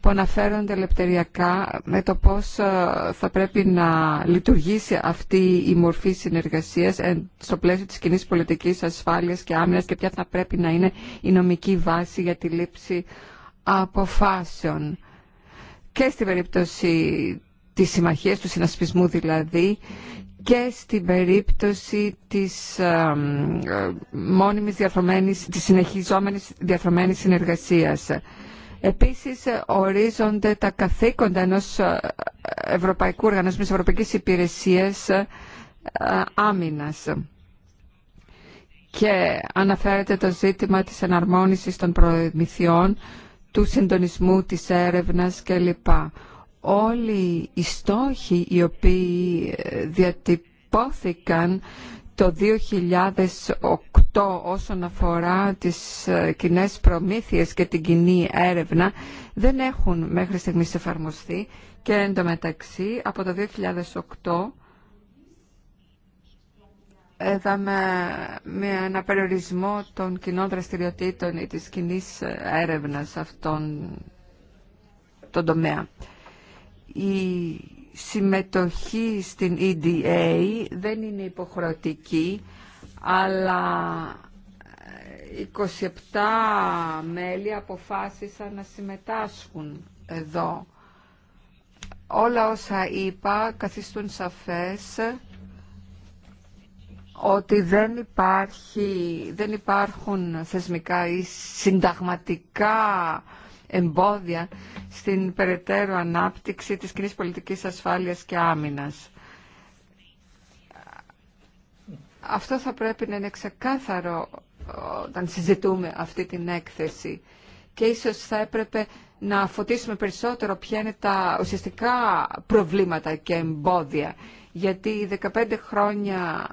B: που αναφέρονται λεπτεριακά με το πώς ε, θα πρέπει να λειτουργήσει αυτή η μορφή συνεργασίας στο πλαίσιο της κοινή πολιτικής ασφάλειας και άμυνας και ποια θα πρέπει να είναι η νομική βάση για τη λήψη αποφάσεων. Και στην περίπτωση τις συμμαχίες του συνασπισμού δηλαδή και στην περίπτωση της α, ε, μόνιμης διαφρομένης, της συνεχιζόμενης διαφρομένης συνεργασίας. Επίσης ορίζονται τα καθήκοντα ενός ε, Ευρωπαϊκού Οργανισμού της Ευρωπαϊκής Υπηρεσίας ε, Άμυνας και αναφέρεται το ζήτημα της εναρμόνισης των προμηθειών, του συντονισμού της έρευνας κλπ όλοι οι στόχοι οι οποίοι ε, διατυπώθηκαν το 2008 όσον αφορά τις ε, κοινέ προμήθειες και την κοινή έρευνα δεν έχουν μέχρι στιγμής εφαρμοστεί και εντωμεταξύ από το 2008 Έδαμε με ένα περιορισμό των κοινών δραστηριοτήτων ή της κοινή ε, έρευνας αυτών τον τομέα η συμμετοχή στην EDA δεν είναι υποχρεωτική, αλλά 27 ε, μέλη αποφάσισαν να συμμετάσχουν εδώ. Όλα όσα είπα καθιστούν σαφές ότι δεν, υπάρχει, δεν υπάρχουν θεσμικά ή συνταγματικά εμπόδια στην περαιτέρω ανάπτυξη της κοινή πολιτικής ασφάλειας και άμυνας. Αυτό θα πρέπει να είναι ξεκάθαρο ε, όταν συζητούμε αυτή την έκθεση και ίσως θα έπρεπε να φωτίσουμε περισσότερο ποια είναι τα ουσιαστικά προβλήματα και εμπόδια. Γιατί 15 χρόνια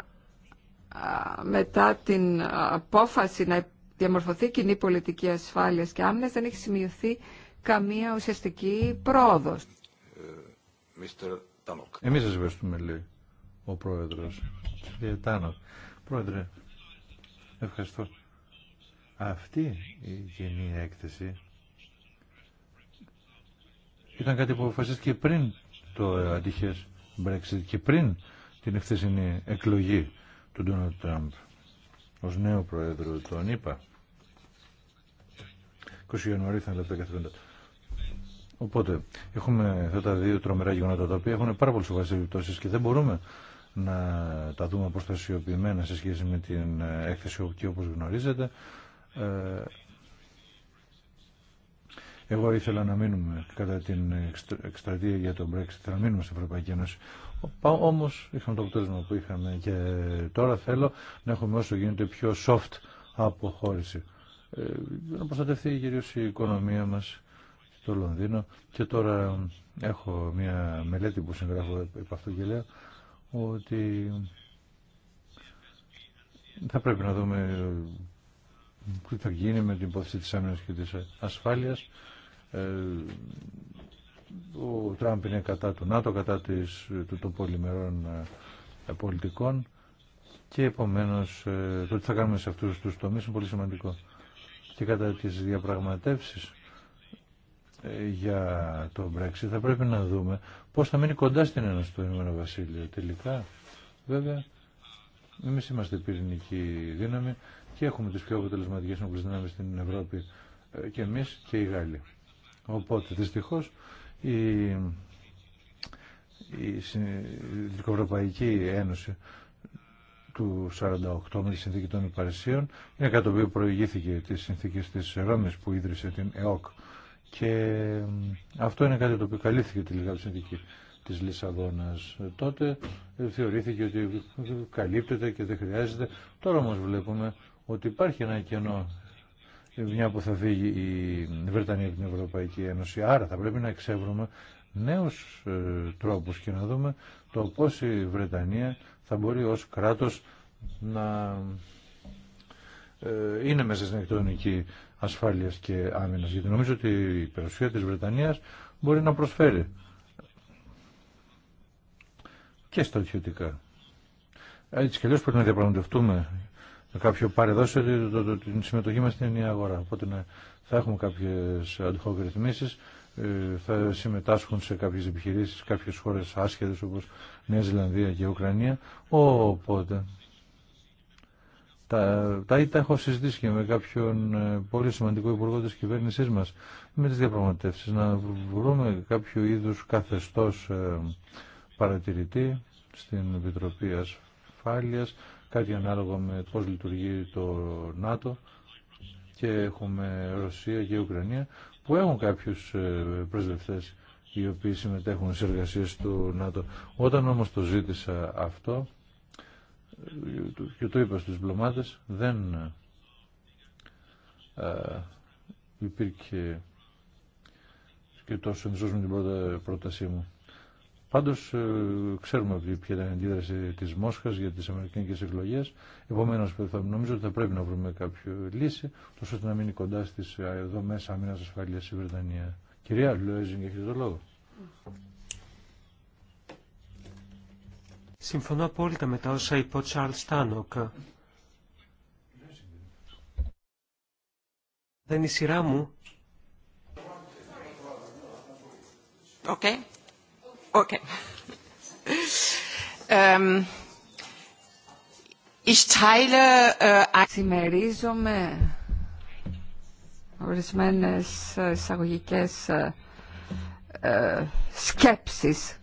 B: μετά την ε, απόφαση να διαμορφωθεί κοινή πολιτική ασφάλειας και άμυνας δεν έχει σημειωθεί καμία ουσιαστική πρόοδος.
A: Ε, Εμείς σα ευχαριστούμε, λέει ο Πρόεδρος. Πρόεδρε, ευχαριστώ. Αυτή η κοινή έκθεση ήταν κάτι που αποφασίστηκε πριν το αντυχές Brexit και πριν την εχθεσινή εκλογή του Ντόνατ Τραμπ ως νέο πρόεδρο τον είπα 20 Ιανουαρίου θα λέω τα Οπότε έχουμε αυτά τα δύο τρομερά γεγονότα τα οποία έχουν πάρα πολλές σοβαρέ και δεν μπορούμε να τα δούμε αποστασιοποιημένα σε σχέση με την ε, έκθεση και όπως γνωρίζετε. Ε, εγώ ήθελα να μείνουμε κατά την εκστρατεία για τον Brexit, να μείνουμε στην Ευρωπαϊκή Ένωση. Όμω είχαμε το αποτέλεσμα που είχαμε και τώρα θέλω να έχουμε όσο γίνεται πιο soft αποχώρηση. Ε, να προστατευτεί κυρίω η οικονομία μας στο Λονδίνο και τώρα έχω μια μελέτη που συγγράφω επ' αυτό και λέω ότι θα πρέπει να δούμε τι θα γίνει με την υπόθεση της άμυνας και της ασφάλειας. Ε, ο Τραμπ είναι κατά του ΝΑΤΟ, κατά της, του, των πολυμερών ε, πολιτικών και επομένως ε, το τι θα κάνουμε σε αυτούς τους τομείς είναι πολύ σημαντικό. Και κατά τις διαπραγματεύσεις ε, για το Brexit θα πρέπει να δούμε πώς θα μείνει κοντά στην Ένωση το Ηνωμένο Βασίλειο τελικά. Βέβαια, εμείς είμαστε πυρηνική δύναμη και έχουμε τις πιο αποτελεσματικές όπλες δυνάμεις στην Ευρώπη και εμείς και οι Γάλλοι. Οπότε, δυστυχώς, η, η Ευρωπαϊκή Ένωση του 48 με τη συνθήκη των υπαραισίων είναι κάτι το οποίο προηγήθηκε τη συνθήκη της Ρώμης που ίδρυσε την ΕΟΚ και αυτό είναι κάτι το οποίο καλύφθηκε τελικά τη συνθήκη της Λισαβόνας τότε ε, θεωρήθηκε ότι ε, καλύπτεται και δεν χρειάζεται τώρα όμως βλέπουμε ότι υπάρχει ένα κενό μια που θα φύγει η Βρετανία από την Ευρωπαϊκή Ένωση. Άρα θα πρέπει να εξεύρουμε νέους ε, τρόπους και να δούμε το πώς η Βρετανία θα μπορεί ως κράτος να ε, είναι μέσα στην εκτονική ασφάλειας και άμυνας. Γιατί νομίζω ότι η περιουσία της Βρετανίας μπορεί να προσφέρει και στρατιωτικά. Έτσι και αλλιώς πρέπει να διαπραγματευτούμε κάποιο παρεδώσει την συμμετοχή μας στην η αγορά. Οπότε ναι, θα έχουμε κάποιες ε, θα συμμετάσχουν σε κάποιες επιχειρήσεις, κάποιες χώρες άσχετες όπως Νέα Ζηλανδία και Ουκρανία. Οπότε τα, τα, τα έχω συζητήσει και με κάποιον ε, πολύ σημαντικό υπουργό της κυβέρνησής μας με τις διαπραγματεύσεις να βρούμε κάποιο είδους καθεστώς ε, παρατηρητή στην Επιτροπή Ασφάλειας κάτι ανάλογο με πώς λειτουργεί το ΝΑΤΟ και έχουμε Ρωσία και Ουκρανία που έχουν κάποιους ε, πρόσδευτες οι οποίοι συμμετέχουν σε εργασίες του ΝΑΤΟ. Όταν όμως το ζήτησα αυτό ε, και το είπα στους διπλωμάτες δεν ε, υπήρχε και τόσο ενδυσός με την πρότασή μου. Πάντως ε, ξέρουμε ότι ποια ήταν η αντίδραση της Μόσχας για τις αμερικανικές εκλογές. Επομένως νομίζω ότι θα πρέπει να βρούμε κάποια λύση, τόσο ώστε να μείνει κοντά στι εδώ μέσα άμυνας ασφάλεια η Βρετανία. Κυρία Λουέζινγκ, έχετε το λόγο.
C: Συμφωνώ απόλυτα με τα όσα είπε ο Τσαρλ. Στάνοκ. Δεν είναι η σειρά μου.
B: Okay. Okay. Ich teile... Ε, Συμμερίζομαι ορισμένες ε, ε, σκέψεις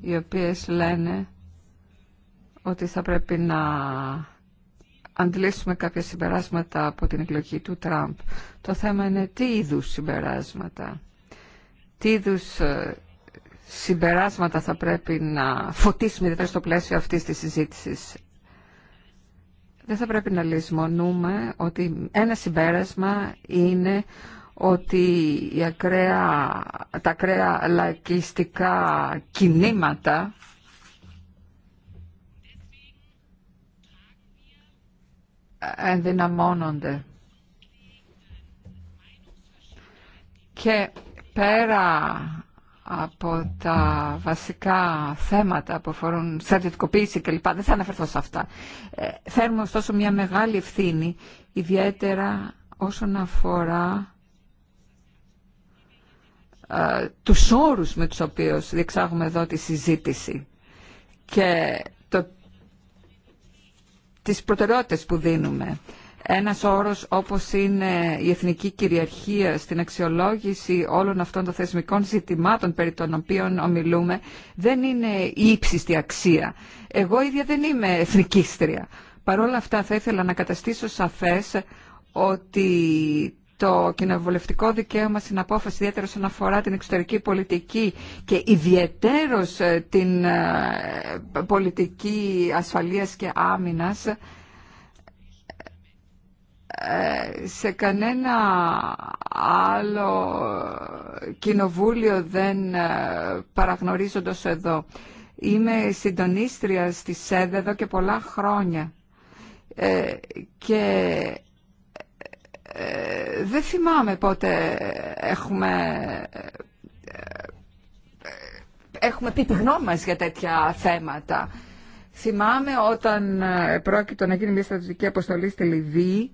B: οι οποίες λένε ότι θα πρέπει να αντιλήσουμε κάποια συμπεράσματα από την εκλογή του Τραμπ. Το θέμα είναι τι είδους συμπεράσματα, τι είδους συμπεράσματα θα πρέπει να φωτίσουμε ιδιαίτερα στο πλαίσιο αυτής της συζήτησης. Δεν θα πρέπει να λησμονούμε ότι ένα συμπέρασμα είναι ότι η ακραία, τα ακραία λαϊκιστικά κινήματα ενδυναμώνονται. Και πέρα από τα βασικά θέματα που αφορούν στρατιωτικοποίηση κλπ. Δεν θα αναφερθώ σε αυτά. Ε, Φέρνουμε ωστόσο μια μεγάλη ευθύνη, ιδιαίτερα όσον αφορά ε, τους όρους με τους οποίους διεξάγουμε εδώ τη συζήτηση και το, τις προτεραιότητες που δίνουμε ένας όρος όπως είναι η εθνική κυριαρχία στην αξιολόγηση όλων αυτών των θεσμικών ζητημάτων περί των οποίων ομιλούμε δεν είναι η ύψιστη αξία. Εγώ ίδια δεν είμαι εθνικίστρια. Παρ' όλα αυτά θα ήθελα να καταστήσω σαφές ότι το κοινοβουλευτικό δικαίωμα στην απόφαση, ιδιαίτερα όσον αφορά την εξωτερική πολιτική και ιδιαιτέρως ε, την ε, πολιτική ασφαλείας και άμυνας, ε, σε κανένα άλλο κοινοβούλιο δεν ε, παραγνωρίζοντος εδώ. Είμαι συντονίστρια στη ΣΕΔ εδώ και πολλά χρόνια ε, και δεν θυμάμαι πότε έχουμε έχουμε πει τη γνώμη μας για τέτοια θέματα. Θυμάμαι όταν πρόκειτο να γίνει μια στρατιωτική αποστολή στη Λιβύη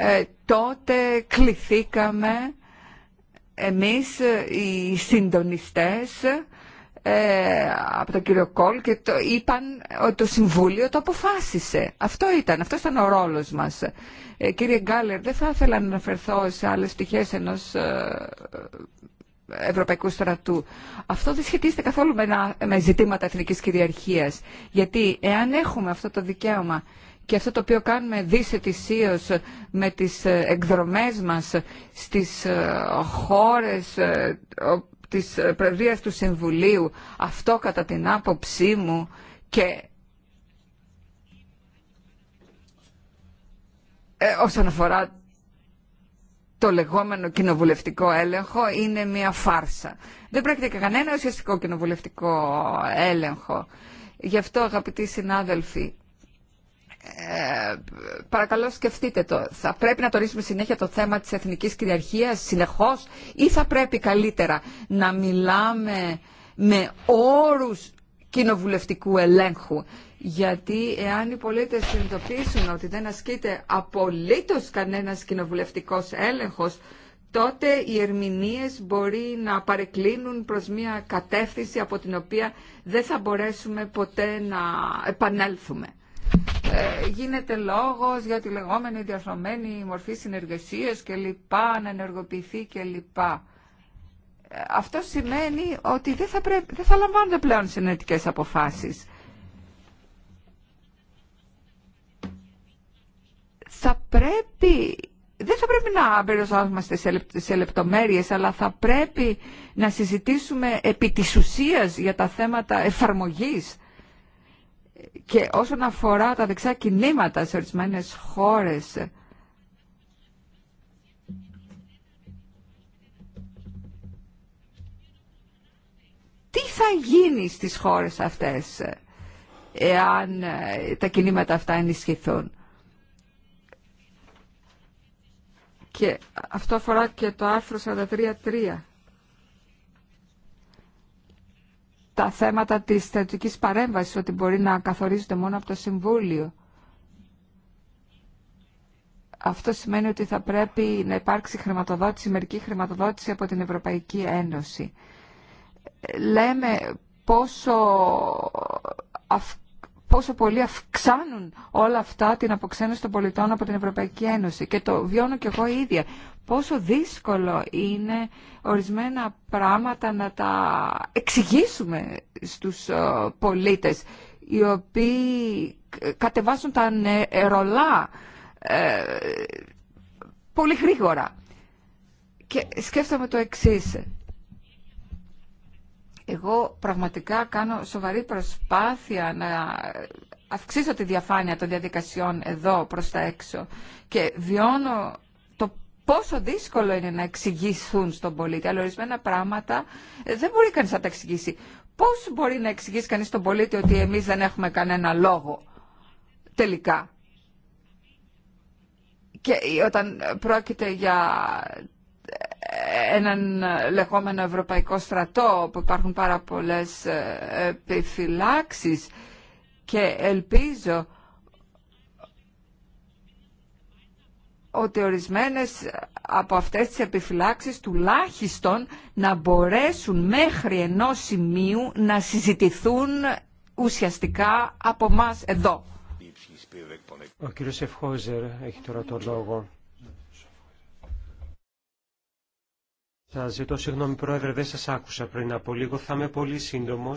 B: ε, τότε κληθήκαμε εμείς ε, οι συντονιστές ε, από τον κύριο Κόλ και το είπαν ότι το Συμβούλιο το αποφάσισε. Αυτό ήταν, αυτό ήταν ο ρόλος μας. κύριε Γκάλερ, δεν θα ήθελα να αναφερθώ σε άλλες πτυχές ενός Ευρωπαϊκού στρατού. Αυτό δεν σχετίζεται καθόλου με, με ζητήματα εθνικής κυριαρχίας. Γιατί εάν έχουμε αυτό το δικαίωμα και αυτό το οποίο κάνουμε δυσετησίως με τις ε, εκδρομές μας στις ε, χώρες ε, της Προεδρίας του Συμβουλίου, αυτό κατά την άποψή μου και όσον αφορά το λεγόμενο κοινοβουλευτικό έλεγχο είναι μια φάρσα. Δεν πρόκειται για κανένα ουσιαστικό κοινοβουλευτικό έλεγχο. Γι' αυτό αγαπητοί συνάδελφοι, ε, παρακαλώ σκεφτείτε το. Θα πρέπει να τορίσουμε συνέχεια το θέμα της εθνικής κυριαρχίας συνεχώς ή θα πρέπει καλύτερα να μιλάμε με όρους κοινοβουλευτικού ελέγχου. Γιατί εάν οι πολίτες συνειδητοποιήσουν ότι δεν ασκείται απολύτως κανένας κοινοβουλευτικός έλεγχος, τότε οι ερμηνείες μπορεί να παρεκκλίνουν προς μια κατεύθυνση από την οποία δεν θα μπορέσουμε ποτέ να επανέλθουμε. Ε, γίνεται λόγος για τη λεγόμενη διαρθρωμένη μορφή συνεργασίας και λοιπά, να ενεργοποιηθεί και λοιπά. Ε, αυτό σημαίνει ότι δεν θα, πρέπει, δεν θα λαμβάνονται πλέον συνετικές αποφάσεις. Θα πρέπει, δεν θα πρέπει να περιοριζόμαστε σε λεπτομέρειες, αλλά θα πρέπει να συζητήσουμε επί της ουσίας για τα θέματα εφαρμογής και όσον αφορά τα δεξιά κινήματα σε ορισμένε χώρες, τι θα γίνει στις χώρες αυτές εάν ε, τα κινήματα αυτά ενισχυθούν. Και αυτό αφορά και το άρθρο 43.3. τα θέματα της στρατιωτικής παρέμβασης ότι μπορεί να καθορίζονται μόνο από το Συμβούλιο. Αυτό σημαίνει ότι θα πρέπει να υπάρξει χρηματοδότηση, μερική χρηματοδότηση από την Ευρωπαϊκή Ένωση. Λέμε πόσο αυτό πόσο πολύ αυξάνουν όλα αυτά την αποξένωση των πολιτών από την Ευρωπαϊκή Ένωση. Και το βιώνω κι εγώ ίδια. Πόσο δύσκολο είναι ορισμένα πράγματα να τα εξηγήσουμε στους ε, πολίτες, οι οποίοι κατεβάσουν τα νερολά ε, πολύ γρήγορα. Και σκέφτομαι το εξής. Εγώ πραγματικά κάνω σοβαρή προσπάθεια να αυξήσω τη διαφάνεια των διαδικασιών εδώ προς τα έξω και βιώνω το πόσο δύσκολο είναι να εξηγήσουν στον πολίτη. Αλλά ορισμένα πράγματα ε, δεν μπορεί κανείς να τα εξηγήσει. Πώς μπορεί να εξηγήσει κανείς στον πολίτη ότι εμείς δεν έχουμε κανένα λόγο τελικά. Και όταν πρόκειται για έναν λεγόμενο ευρωπαϊκό στρατό που υπάρχουν πάρα πολλές ε, επιφυλάξεις και ελπίζω ότι ορισμένες από αυτές τις επιφυλάξεις τουλάχιστον να μπορέσουν μέχρι ενός σημείου να συζητηθούν ουσιαστικά από μας εδώ.
C: Ο κύριος Ευχόζερ έχει τώρα το λόγο. Σα ζητώ συγγνώμη, Πρόεδρε, δεν σα άκουσα πριν από λίγο. Θα είμαι πολύ σύντομο,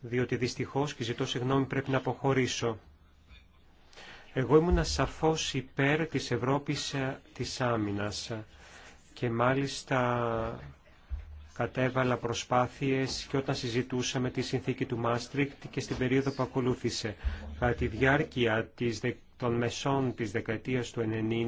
C: διότι δυστυχώ και ζητώ συγγνώμη πρέπει να αποχωρήσω. Εγώ ήμουν σαφώ υπέρ τη Ευρώπη ε, τη άμυνα και μάλιστα κατέβαλα προσπάθειες και όταν συζητούσαμε τη συνθήκη του Μάστρικτ και στην περίοδο που ακολούθησε. Κατά τη διάρκεια της των μεσών της δεκαετίας του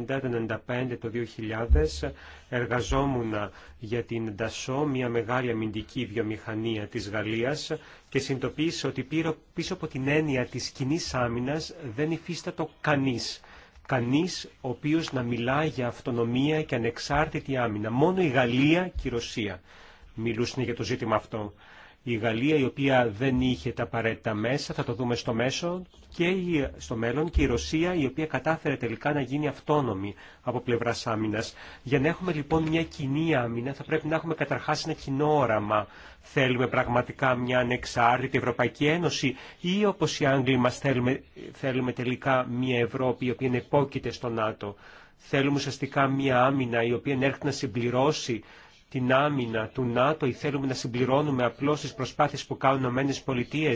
C: 90, το 95, το 2000 εργαζόμουν για την Ντασό, μια μεγάλη αμυντική βιομηχανία της Γαλλίας και συνειδητοποίησα ότι πίσω από την έννοια της κοινή άμυνα δεν υφίστατο κανείς. Κανείς ο οποίος να μιλά για αυτονομία και ανεξάρτητη άμυνα. Μόνο η Γαλλία και η Ρωσία μιλούσαν για το ζήτημα αυτό η Γαλλία η οποία δεν είχε τα απαραίτητα μέσα, θα το δούμε στο, μέσο, και η, στο μέλλον και η Ρωσία η οποία κατάφερε τελικά να γίνει αυτόνομη από πλευρά άμυνα. Για να έχουμε λοιπόν μια κοινή άμυνα θα πρέπει να έχουμε καταρχά ένα κοινό όραμα. Θέλουμε πραγματικά μια ανεξάρτητη Ευρωπαϊκή Ένωση ή όπω οι Άγγλοι μα θέλουμε, θέλουμε τελικά μια Ευρώπη η οπω οι αγγλοι μα θελουμε τελικα μια ευρωπη η οποια ειναι υποκειται στο ΝΑΤΟ. Θέλουμε ουσιαστικά μια άμυνα η οποία έρχεται να συμπληρώσει την άμυνα του ΝΑΤΟ ή θέλουμε να συμπληρώνουμε απλώς τις προσπάθειες που κάνουν οι ΗΠΑ.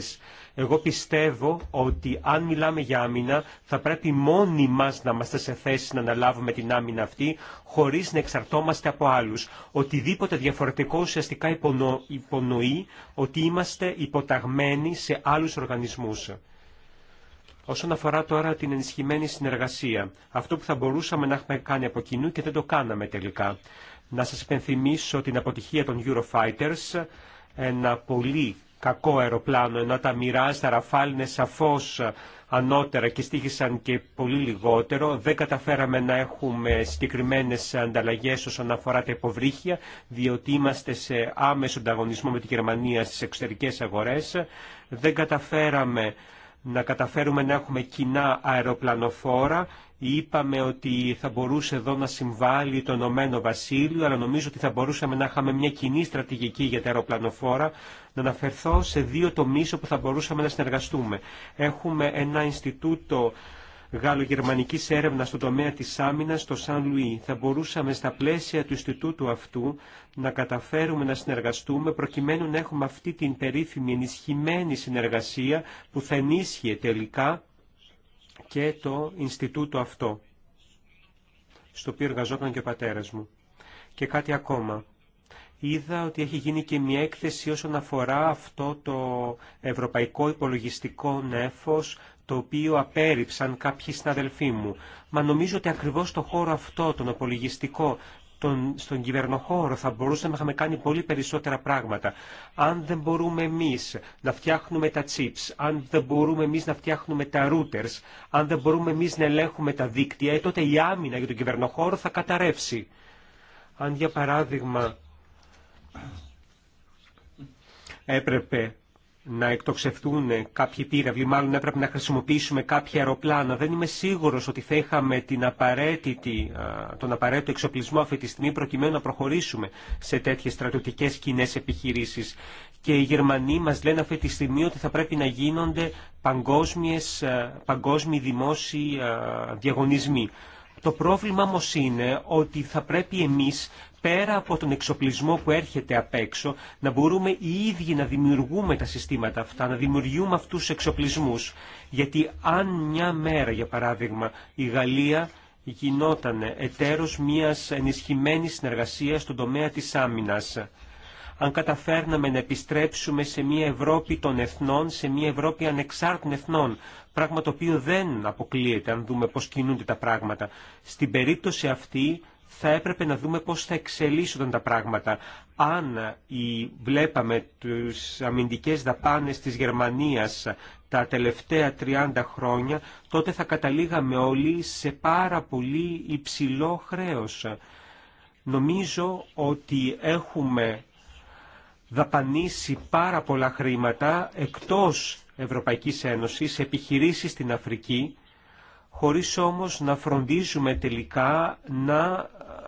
C: Εγώ πιστεύω ότι αν μιλάμε για άμυνα θα πρέπει μόνοι μας να είμαστε σε θέση να αναλάβουμε την άμυνα αυτή χωρίς να εξαρτώμαστε από άλλους. Οτιδήποτε διαφορετικό ουσιαστικά υπονο... υπονοεί ότι είμαστε υποταγμένοι σε άλλους οργανισμούς. Όσον αφορά τώρα την ενισχυμένη συνεργασία, αυτό που θα μπορούσαμε να έχουμε κάνει από κοινού και δεν το κάναμε τελικά. Να σας υπενθυμίσω την αποτυχία των Eurofighters, ένα πολύ κακό αεροπλάνο, ενώ τα Mirage, τα Ραφάλ είναι σαφώς ανώτερα και στήχησαν και πολύ λιγότερο. Δεν καταφέραμε να έχουμε συγκεκριμένες ανταλλαγές όσον αφορά τα υποβρύχια, διότι είμαστε σε άμεσο ανταγωνισμό με τη Γερμανία στις εξωτερικές αγορές. Δεν καταφέραμε να καταφέρουμε να έχουμε κοινά αεροπλανοφόρα. Είπαμε ότι θα μπορούσε εδώ να συμβάλλει το Ηνωμένο Βασίλειο, αλλά νομίζω ότι θα μπορούσαμε να είχαμε μια κοινή στρατηγική για τα αεροπλανοφόρα. Να αναφερθώ σε δύο τομείς όπου θα μπορούσαμε να συνεργαστούμε. Έχουμε ένα Ινστιτούτο Γάλλο-γερμανικής έρευνας στον τομέα της άμυνας στο Σαν Λουί. Θα μπορούσαμε στα πλαίσια του Ινστιτούτου αυτού να καταφέρουμε να συνεργαστούμε προκειμένου να έχουμε αυτή την περίφημη ενισχυμένη συνεργασία που θα ενίσχυε τελικά και το Ινστιτούτο αυτό, στο οποίο εργαζόταν και ο πατέρας μου. Και κάτι ακόμα. Είδα ότι έχει γίνει και μια έκθεση όσον αφορά αυτό το ευρωπαϊκό υπολογιστικό νέφος το οποίο απέρριψαν κάποιοι συναδελφοί μου. Μα νομίζω ότι ακριβώς το χώρο αυτό, τον απολογιστικό, τον, στον κυβερνοχώρο θα μπορούσαμε να είχαμε κάνει πολύ περισσότερα πράγματα. Αν δεν μπορούμε εμείς να φτιάχνουμε τα chips, αν δεν μπορούμε εμείς να φτιάχνουμε τα routers, αν δεν μπορούμε εμείς να ελέγχουμε τα δίκτυα, ε, τότε η άμυνα για τον κυβερνοχώρο θα καταρρεύσει. Αν για παράδειγμα έπρεπε να εκτοξευτούν κάποιοι πύραυλοι, μάλλον έπρεπε να χρησιμοποιήσουμε κάποια αεροπλάνα. Δεν είμαι σίγουρος ότι θα είχαμε την απαραίτητη, τον απαραίτητο εξοπλισμό αυτή τη στιγμή προκειμένου να προχωρήσουμε σε τέτοιες στρατιωτικές κοινέ επιχειρήσεις. Και οι Γερμανοί μας λένε αυτή τη στιγμή ότι θα πρέπει να γίνονται παγκόσμιοι δημόσιοι διαγωνισμοί. Το πρόβλημα όμω είναι ότι θα πρέπει εμείς πέρα από τον εξοπλισμό που έρχεται απ' έξω, να μπορούμε οι ίδιοι να δημιουργούμε τα συστήματα αυτά, να δημιουργούμε αυτούς τους εξοπλισμούς. Γιατί αν μια μέρα, για παράδειγμα, η Γαλλία γινόταν εταίρος μιας ενισχυμένης συνεργασίας στον τομέα της άμυνας, αν καταφέρναμε να επιστρέψουμε σε μια Ευρώπη των εθνών, σε μια Ευρώπη ανεξάρτητων εθνών, πράγμα το οποίο δεν αποκλείεται αν δούμε πώς κινούνται τα πράγματα. Στην περίπτωση αυτή θα έπρεπε να δούμε πώς θα εξελίσσονταν τα πράγματα. Αν η, βλέπαμε τις αμυντικές δαπάνες της Γερμανίας τα τελευταία 30 χρόνια, τότε θα καταλήγαμε όλοι σε πάρα πολύ υψηλό χρέος. Νομίζω ότι έχουμε δαπανίσει πάρα πολλά χρήματα εκτός Ευρωπαϊκής Ένωσης, επιχειρήσεις στην Αφρική, χωρίς όμως να φροντίζουμε τελικά να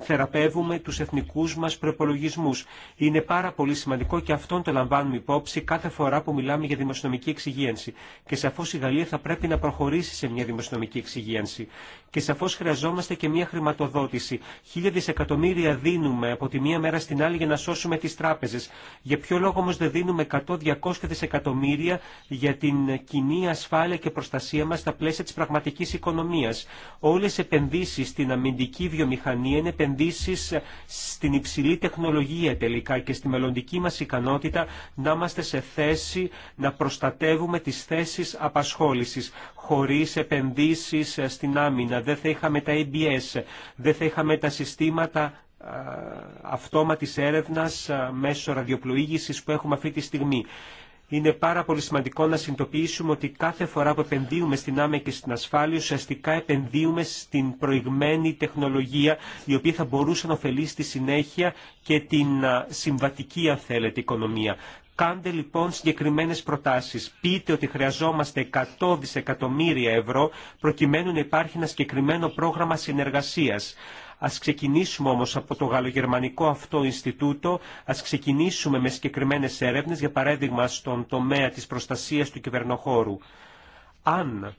C: θεραπεύουμε του εθνικού μα προπολογισμού. Είναι πάρα πολύ σημαντικό και αυτόν το λαμβάνουμε υπόψη κάθε φορά που μιλάμε για δημοσιονομική εξυγίανση. Και σαφώ η Γαλλία θα πρέπει να προχωρήσει σε μια δημοσιονομική εξυγίανση. Και σαφώ χρειαζόμαστε και μια χρηματοδότηση. Χίλια δισεκατομμύρια δίνουμε από τη μία μέρα στην άλλη για να σώσουμε τι τράπεζε. Για ποιο λόγο όμω δεν δίνουμε 100-200 δισεκατομμύρια για την κοινή ασφάλεια και προστασία μα στα πλαίσια τη πραγματική οικονομία. Όλε οι επενδύσει στην αμυντική βιομηχανία είναι επενδύσεις στην υψηλή τεχνολογία τελικά και στη μελλοντική μας ικανότητα να είμαστε σε θέση να προστατεύουμε τις θέσεις απασχόλησης. Χωρίς επενδύσεις στην άμυνα δεν θα είχαμε τα ABS, δεν θα είχαμε τα συστήματα αυτόματης έρευνας μέσω ραδιοπλοήγησης που έχουμε αυτή τη στιγμή. Είναι πάρα πολύ σημαντικό να συνειδητοποιήσουμε ότι κάθε φορά που επενδύουμε στην άμεση και στην ασφάλεια, ουσιαστικά επενδύουμε στην προηγμένη τεχνολογία, η οποία θα μπορούσε να ωφελήσει στη συνέχεια και την συμβατική, αν θέλετε, οικονομία. Κάντε λοιπόν συγκεκριμένε προτάσει. Πείτε ότι χρειαζόμαστε 100 δισεκατομμύρια ευρώ προκειμένου να υπάρχει ένα συγκεκριμένο πρόγραμμα συνεργασία. Ας ξεκινήσουμε όμως από το γαλλογερμανικό αυτό Ινστιτούτο, ας ξεκινήσουμε με συγκεκριμένες έρευνες, για παράδειγμα στον τομέα της προστασίας του κυβερνοχώρου. Αν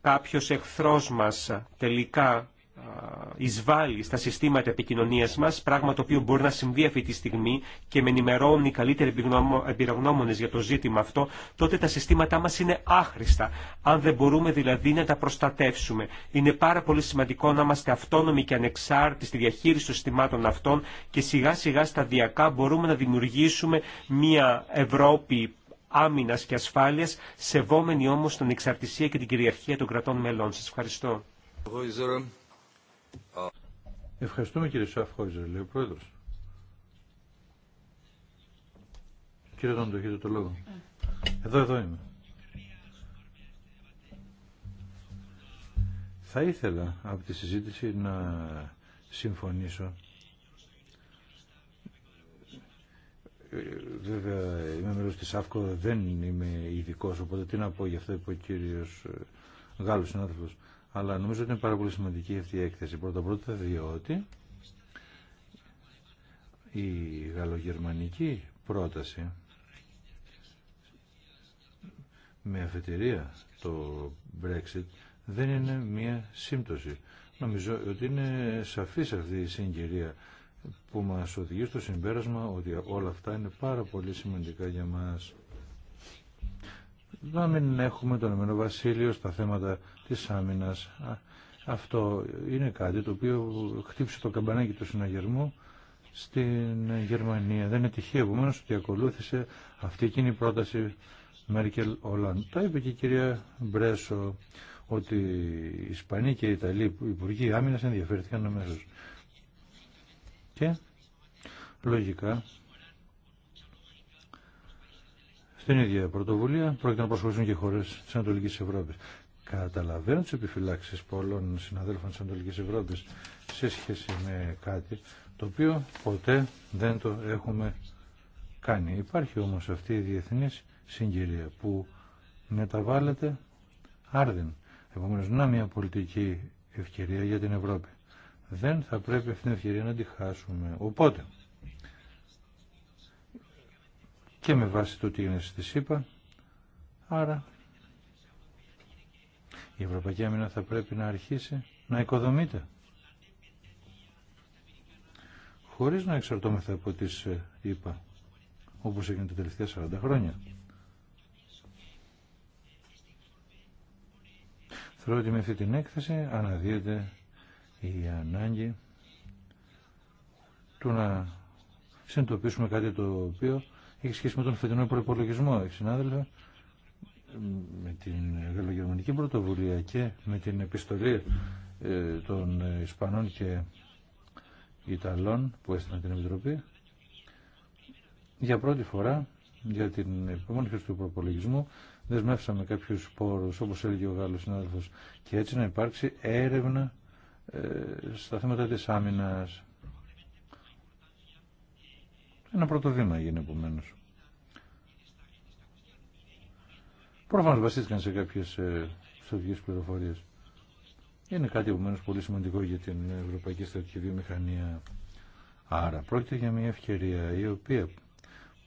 C: κάποιος εχθρός μας τελικά ε, εισβάλλει στα συστήματα επικοινωνία μα, πράγμα το οποίο μπορεί να συμβεί αυτή τη στιγμή και με ενημερώνουν οι καλύτεροι εμπειρογνώμονε για το ζήτημα αυτό, τότε τα συστήματά μα είναι άχρηστα, αν δεν μπορούμε δηλαδή να τα προστατεύσουμε. Είναι πάρα πολύ σημαντικό να είμαστε αυτόνομοι και ανεξάρτητοι στη διαχείριση των συστημάτων αυτών και σιγά σιγά σταδιακά μπορούμε να δημιουργήσουμε μια Ευρώπη Άμυνα και ασφάλειας, σεβόμενη όμω την εξαρτησία και την κυριαρχία των κρατών μελών. Σα ευχαριστώ. Ευχαριστούμε κύριε Σαφχόιζερ,
A: λέει ο πρόεδρος. Κύριε Δόντο, έχετε το λόγο. Εδώ, εδώ είμαι. Θα ήθελα από τη συζήτηση να συμφωνήσω. Βέβαια είμαι μέλος της ΑΦΚΟ, δεν είμαι ειδικό, οπότε τι να πω για αυτό που ο κύριος Γάλλος συνάδελφος αλλά νομίζω ότι είναι πάρα πολύ σημαντική αυτή η έκθεση. Πρώτα-πρώτα διότι η γαλλογερμανική πρόταση με αφετηρία το Brexit δεν είναι μία σύμπτωση. Νομίζω ότι είναι σαφής αυτή η συγκυρία που μας οδηγεί στο συμπέρασμα ότι όλα αυτά είναι πάρα πολύ σημαντικά για μας να μην έχουμε τον μενο Βασίλειο στα θέματα της άμυνας. Αυτό είναι κάτι το οποίο χτύπησε το καμπανάκι του συναγερμού στην Γερμανία. Δεν είναι τυχαίο επομένως ότι ακολούθησε αυτή εκείνη η πρόταση Μέρκελ Ολάν. Τα είπε και η κυρία Μπρέσο ότι οι Ισπανοί και οι Ιταλοί υπουργοί άμυνας ενδιαφέρθηκαν αμέσω. Και λογικά Στην ίδια πρωτοβουλία πρόκειται να προσχωρήσουν και χώρε τη Ανατολική Ευρώπη. Καταλαβαίνω τι επιφυλάξει πολλών συναδέλφων τη Ανατολική Ευρώπη σε σχέση με κάτι το οποίο ποτέ δεν το έχουμε κάνει. Υπάρχει όμω αυτή η διεθνή συγκυρία που μεταβάλλεται άρδιν. Επομένω, να μια πολιτική ευκαιρία για την Ευρώπη. Δεν θα πρέπει αυτή την ευκαιρία να τη χάσουμε. Οπότε, και με βάση το τι είναι στη ΣΥΠΑ. Άρα η Ευρωπαϊκή Άμυνα θα πρέπει να αρχίσει να οικοδομείται χωρίς να εξαρτώμεθα από τις ΣΥΠΑ ε, όπως έγινε τα τελευταία 40 χρόνια. Θεωρώ ότι με αυτή την έκθεση αναδύεται η ανάγκη του να συνειδητοποιήσουμε κάτι το οποίο έχει σχέση με τον φετινό προπολογισμό, συνάδελφε, με την γαλλογερμανική πρωτοβουλία και με την επιστολή ε, των Ισπανών και Ιταλών που έστειλαν την Επιτροπή για πρώτη φορά για την επιμόνιση του προπολογισμού δεσμεύσαμε κάποιου πόρου όπως έλεγε ο Γάλλο συνάδελφο και έτσι να υπάρξει έρευνα ε, στα θέματα τη άμυνας ένα πρώτο βήμα έγινε επομένω. Προφανώ βασίστηκαν σε κάποιε στρατηγικέ πληροφορίε. Είναι κάτι επομένω πολύ σημαντικό για την Ευρωπαϊκή Στρατηγική Βιομηχανία. Άρα πρόκειται για μια ευκαιρία η οποία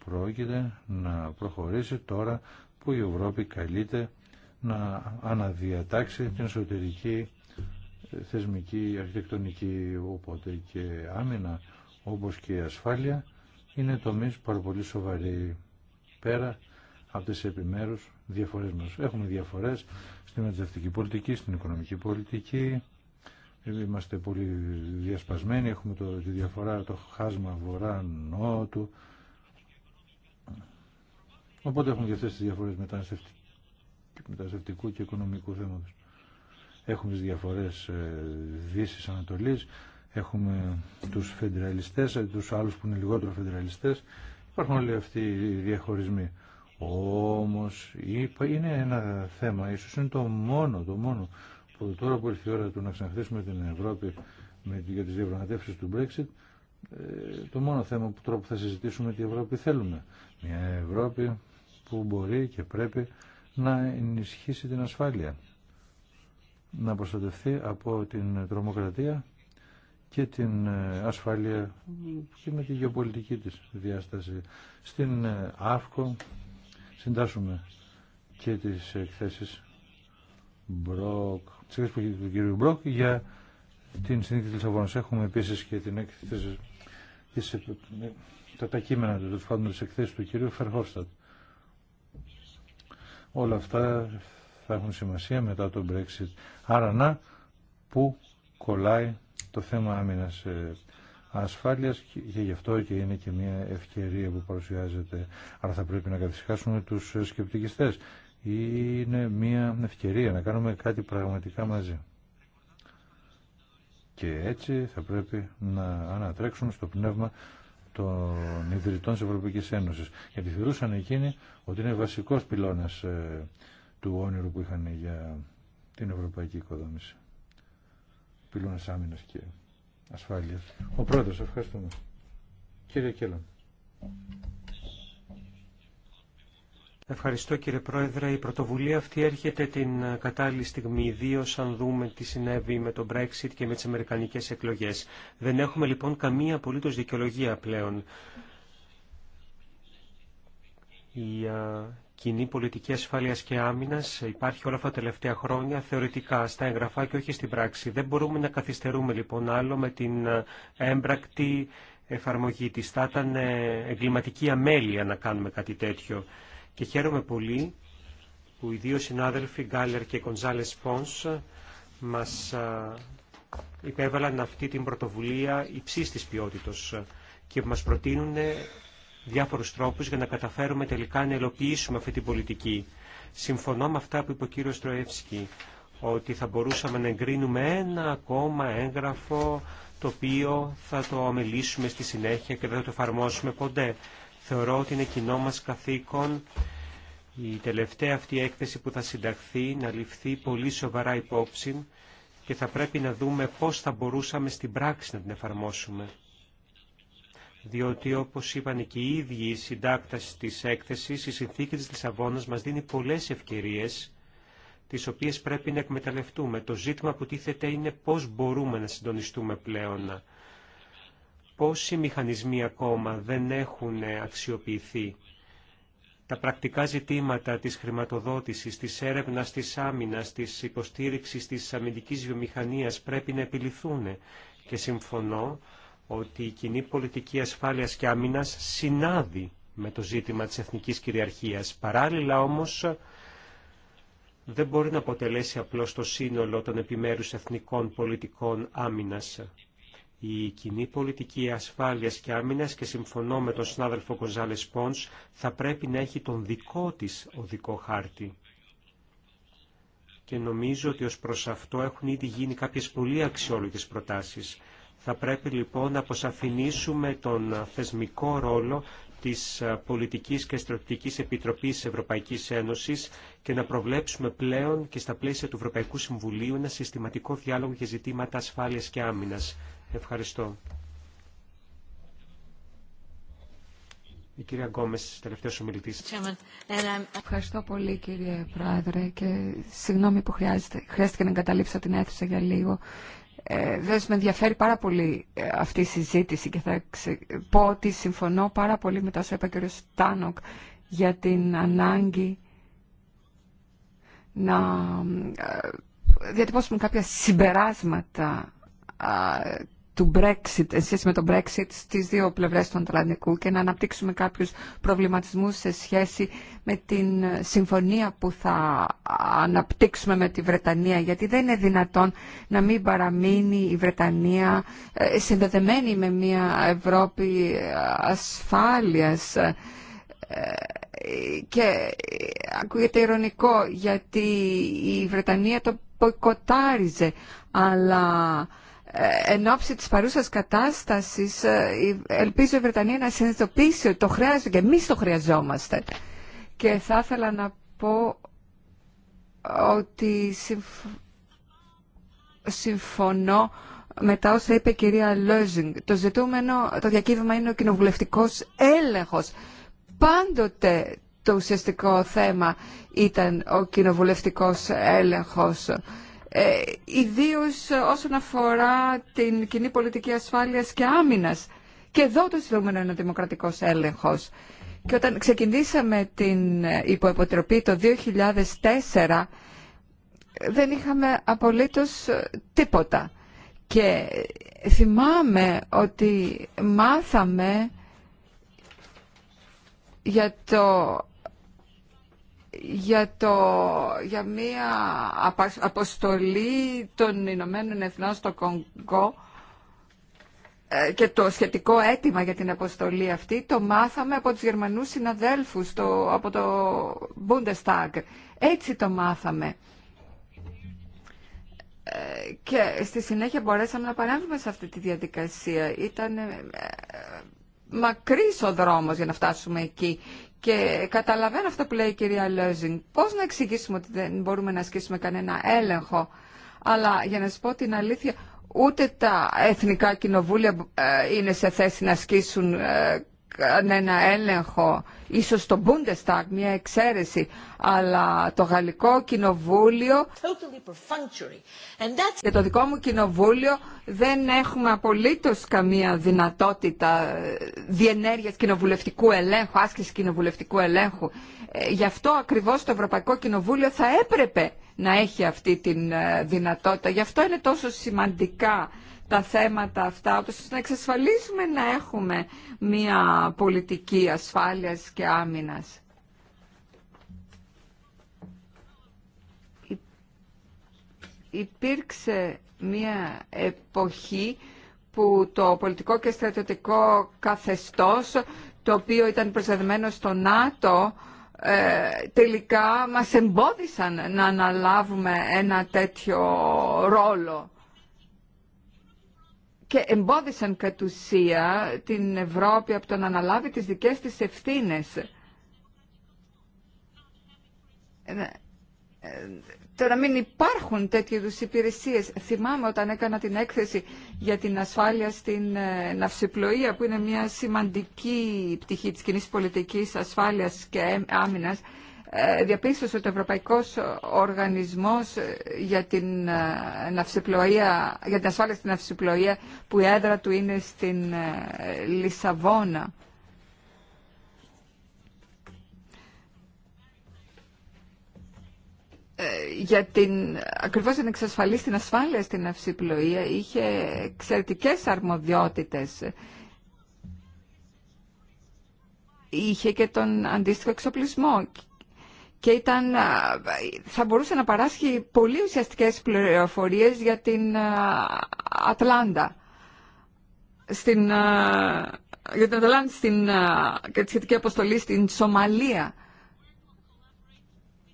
A: πρόκειται να προχωρήσει τώρα που η Ευρώπη καλείται να αναδιατάξει την εσωτερική ε, θεσμική αρχιτεκτονική οπότε και άμυνα όπως και ασφάλεια είναι τομείς πάρα πολύ σοβαροί πέρα από τις επιμέρους διαφορές μας. Έχουμε διαφορές στην μεταναστευτική πολιτική, στην οικονομική πολιτική, είμαστε πολύ διασπασμένοι, έχουμε το, τη διαφορά, το χάσμα βορρά-νότου, οπότε έχουμε και αυτές τις διαφορές μεταναστευτικού και οικονομικού θέματος. Έχουμε τις διαφορές ε, Δύσης-Ανατολής, Έχουμε τους φεντραλιστές, ε, τους άλλους που είναι λιγότερο φεντραλιστές. Υπάρχουν όλοι αυτοί οι διαχωρισμοί. Όμως είναι ένα θέμα, ίσως είναι το μόνο, το μόνο που τώρα που ήρθε η ώρα του να ξαναχτίσουμε την Ευρώπη με, για τις διαπραγματεύσεις του Brexit, ε, το μόνο θέμα που τρόπο θα συζητήσουμε τι Ευρώπη θέλουμε. Μια Ευρώπη που μπορεί και πρέπει να ενισχύσει την ασφάλεια, να προστατευτεί από την τρομοκρατία και την ε, ασφάλεια και με τη γεωπολιτική της διάσταση. Στην ε, ΑΦΚΟ συντάσσουμε και τις εκθέσεις Μπροκ, τις εκθέσεις του κ. Μπροκ για την συνήθεια της Λισαβόνας. Έχουμε επίσης και την έκθεση ε, τα, τα κείμενα του της εκθέσης του κύριου Φερχόφστατ. Όλα αυτά θα έχουν σημασία μετά το Brexit. Άρα να, που κολλάει το θέμα άμυνας ε, ασφάλειας και γι' αυτό και είναι και μια ευκαιρία που παρουσιάζεται. Άρα θα πρέπει να καθισχάσουμε τους ε, σκεπτικιστές. Είναι μια ευκαιρία να κάνουμε κάτι πραγματικά μαζί. Και έτσι θα πρέπει να ανατρέξουμε στο πνεύμα των ιδρυτών της Ευρωπαϊκής Ένωσης. Γιατί θεωρούσαν εκείνοι ότι είναι βασικός πυλώνας ε, του όνειρου που είχαν για την ευρωπαϊκή οικοδόμηση και ασφάλεια. Ο πρόεδρος, ευχαριστούμε. Κύριε Κέλλον.
C: Ευχαριστώ κύριε Πρόεδρε. Η πρωτοβουλία αυτή έρχεται την κατάλληλη στιγμή, ιδίω αν δούμε τι συνέβη με το Brexit και με τις Αμερικανικές εκλογές. Δεν έχουμε λοιπόν καμία απολύτως δικαιολογία πλέον. Η κοινή πολιτική ασφάλειας και άμυνας υπάρχει όλα αυτά τα τελευταία χρόνια θεωρητικά στα εγγραφά και όχι στην πράξη. Δεν μπορούμε να καθυστερούμε λοιπόν άλλο με την ε, έμπρακτη εφαρμογή της. Θα ήταν ε, εγκληματική αμέλεια να κάνουμε κάτι τέτοιο. Και χαίρομαι πολύ που οι δύο συνάδελφοι Γκάλερ και Κονζάλε Πόνς μας ε, υπέβαλαν αυτή την πρωτοβουλία υψής της και μας προτείνουν διάφορους τρόπους για να καταφέρουμε τελικά να ελοποιήσουμε αυτή την πολιτική. Συμφωνώ με αυτά που είπε ο κύριος Τροεύσκη, ότι θα μπορούσαμε να εγκρίνουμε ένα ακόμα έγγραφο το οποίο θα το αμελήσουμε στη συνέχεια και δεν θα το εφαρμόσουμε ποτέ. Θεωρώ ότι είναι κοινό μας καθήκον η τελευταία αυτή έκθεση που θα συνταχθεί να ληφθεί πολύ σοβαρά υπόψη και θα πρέπει να δούμε πώς θα μπορούσαμε στην πράξη να την εφαρμόσουμε διότι όπως είπαν και οι ίδιοι οι συντάκτες της έκθεσης, η συνθήκη της Λισαβόνας μας δίνει πολλές ευκαιρίες τις οποίες πρέπει να εκμεταλλευτούμε. Το ζήτημα που τίθεται είναι πώς μπορούμε να συντονιστούμε πλέον. Πόσοι μηχανισμοί ακόμα δεν έχουν αξιοποιηθεί. Τα πρακτικά ζητήματα της χρηματοδότησης, της έρευνας, της άμυνας, της υποστήριξης της αμυντικής βιομηχανίας πρέπει να επιληθούν. Και συμφωνώ ότι η κοινή πολιτική ασφάλειας και άμυνας συνάδει με το ζήτημα της εθνικής κυριαρχίας. Παράλληλα όμως δεν μπορεί να αποτελέσει απλώς το σύνολο των επιμέρους εθνικών πολιτικών άμυνας. Η κοινή πολιτική ασφάλειας και άμυνας και συμφωνώ με τον συνάδελφο Κοζάλες Πόνς θα πρέπει να έχει τον δικό της οδικό χάρτη. Και νομίζω ότι ως προς αυτό έχουν ήδη γίνει κάποιες πολύ προτάσεις. Θα πρέπει λοιπόν να αποσαφηνίσουμε τον θεσμικό ρόλο της ε, Πολιτικής και Στρατιωτικής Επιτροπής Ευρωπαϊκής Ένωσης και να προβλέψουμε πλέον και στα πλαίσια του Ευρωπαϊκού Συμβουλίου ένα συστηματικό διάλογο για ζητήματα ασφάλειας και άμυνας. Ευχαριστώ. Η κυρία Γκόμες, τελευταίος ομιλητής.
B: Ευχαριστώ πολύ κύριε Πρόεδρε και συγγνώμη που χρειάστηκε να εγκαταλείψω την αίθουσα για λίγο. Ε, Βέβαια, με ενδιαφέρει πάρα πολύ ε, αυτή η συζήτηση και θα πω ότι συμφωνώ πάρα πολύ με τα όσα είπε ο Στάνοκ για την ανάγκη να ε, διατυπώσουμε κάποια συμπεράσματα του Brexit, σε σχέση με το Brexit στις δύο πλευρές του Ατλαντικού και να αναπτύξουμε κάποιους προβληματισμούς σε σχέση με την συμφωνία που θα αναπτύξουμε με τη Βρετανία γιατί δεν είναι δυνατόν να μην παραμείνει η Βρετανία ε, συνδεδεμένη με μια Ευρώπη ε, ασφάλειας ε, και ακούγεται ηρωνικό γιατί η Βρετανία το ποικοτάριζε αλλά ε, εν ώψη της παρούσας κατάστασης ε, ελπίζω η Βρετανία να συνειδητοποιήσει ότι το χρειάζεται και εμείς το χρειαζόμαστε. Και θα ήθελα να πω ότι συμφωνώ μετά τα όσα είπε η κυρία Λόζινγκ. Το ζητούμενο, το διακύβημα είναι ο κοινοβουλευτικός έλεγχος. Πάντοτε το ουσιαστικό θέμα ήταν ο κοινοβουλευτικός έλεγχος ε, ιδίως όσον αφορά την κοινή πολιτική ασφάλειας και άμυνας. Και εδώ το ζητούμενο είναι ο δημοκρατικός έλεγχος. Και όταν ξεκινήσαμε την υποεποτροπή το 2004, δεν είχαμε απολύτως τίποτα. Και θυμάμαι ότι μάθαμε για το για, το, για μία αποστολή των Ηνωμένων Εθνών στο Κονγκό ε, και το σχετικό αίτημα για την αποστολή αυτή το μάθαμε από τους Γερμανούς συναδέλφους το, από το Bundestag. Έτσι το μάθαμε. Ε, και στη συνέχεια μπορέσαμε να παρέμβουμε σε αυτή τη διαδικασία. Ήταν ε, μακρύς ο δρόμος για να φτάσουμε εκεί και καταλαβαίνω αυτό που λέει η κυρία Λέζινγκ. Πώς να εξηγήσουμε ότι δεν μπορούμε να ασκήσουμε κανένα έλεγχο. Αλλά για να σας πω την αλήθεια, ούτε τα εθνικά κοινοβούλια ε, είναι σε θέση να ασκήσουν ε, ναι, ένα έλεγχο, ίσως το Bundestag, μια εξαίρεση, αλλά το γαλλικό κοινοβούλιο και το δικό μου κοινοβούλιο δεν έχουμε απολύτως καμία δυνατότητα ε, διενέργειας κοινοβουλευτικού ελέγχου, άσκηση κοινοβουλευτικού ελέγχου. Ε, γι' αυτό ακριβώς το Ευρωπαϊκό Κοινοβούλιο θα έπρεπε να έχει αυτή τη ε, δυνατότητα. Γι' αυτό είναι τόσο σημαντικά τα θέματα αυτά, ώστε να εξασφαλίσουμε να έχουμε μια πολιτική ασφάλειας και άμυνας. Υπήρξε μια εποχή που το πολιτικό και στρατιωτικό καθεστώς, το οποίο ήταν προσδεδεμένο στο ΝΑΤΟ, ε, τελικά μας εμπόδισαν να αναλάβουμε ένα τέτοιο ρόλο και εμπόδισαν κατ' ουσία την Ευρώπη από το να αναλάβει τις δικές της ευθύνες. Ε, ε, το να μην υπάρχουν τέτοιου είδου υπηρεσίε. Θυμάμαι όταν έκανα την έκθεση για την ασφάλεια στην ε, ναυσιπλοεία, που είναι μια σημαντική πτυχή τη κοινή πολιτική ασφάλεια και άμυνα, ε, διαπίστωσε ότι ο Ευρωπαϊκός Οργανισμός ε, για την, ε, για την ασφάλεια στην αυσιπλοεία που η έδρα του είναι στην Λισαβόνα. για την, ακριβώς την εξασφαλή στην ασφάλεια στην αυσιπλοεία είχε εξαιρετικέ αρμοδιότητες. Είχε και τον αντίστοιχο εξοπλισμό και ήταν, θα μπορούσε να παράσχει πολύ ουσιαστικές πληροφορίες για την Ατλάντα. Στην, για την Ατλάντα στην, και τη σχετική αποστολή στην Σομαλία.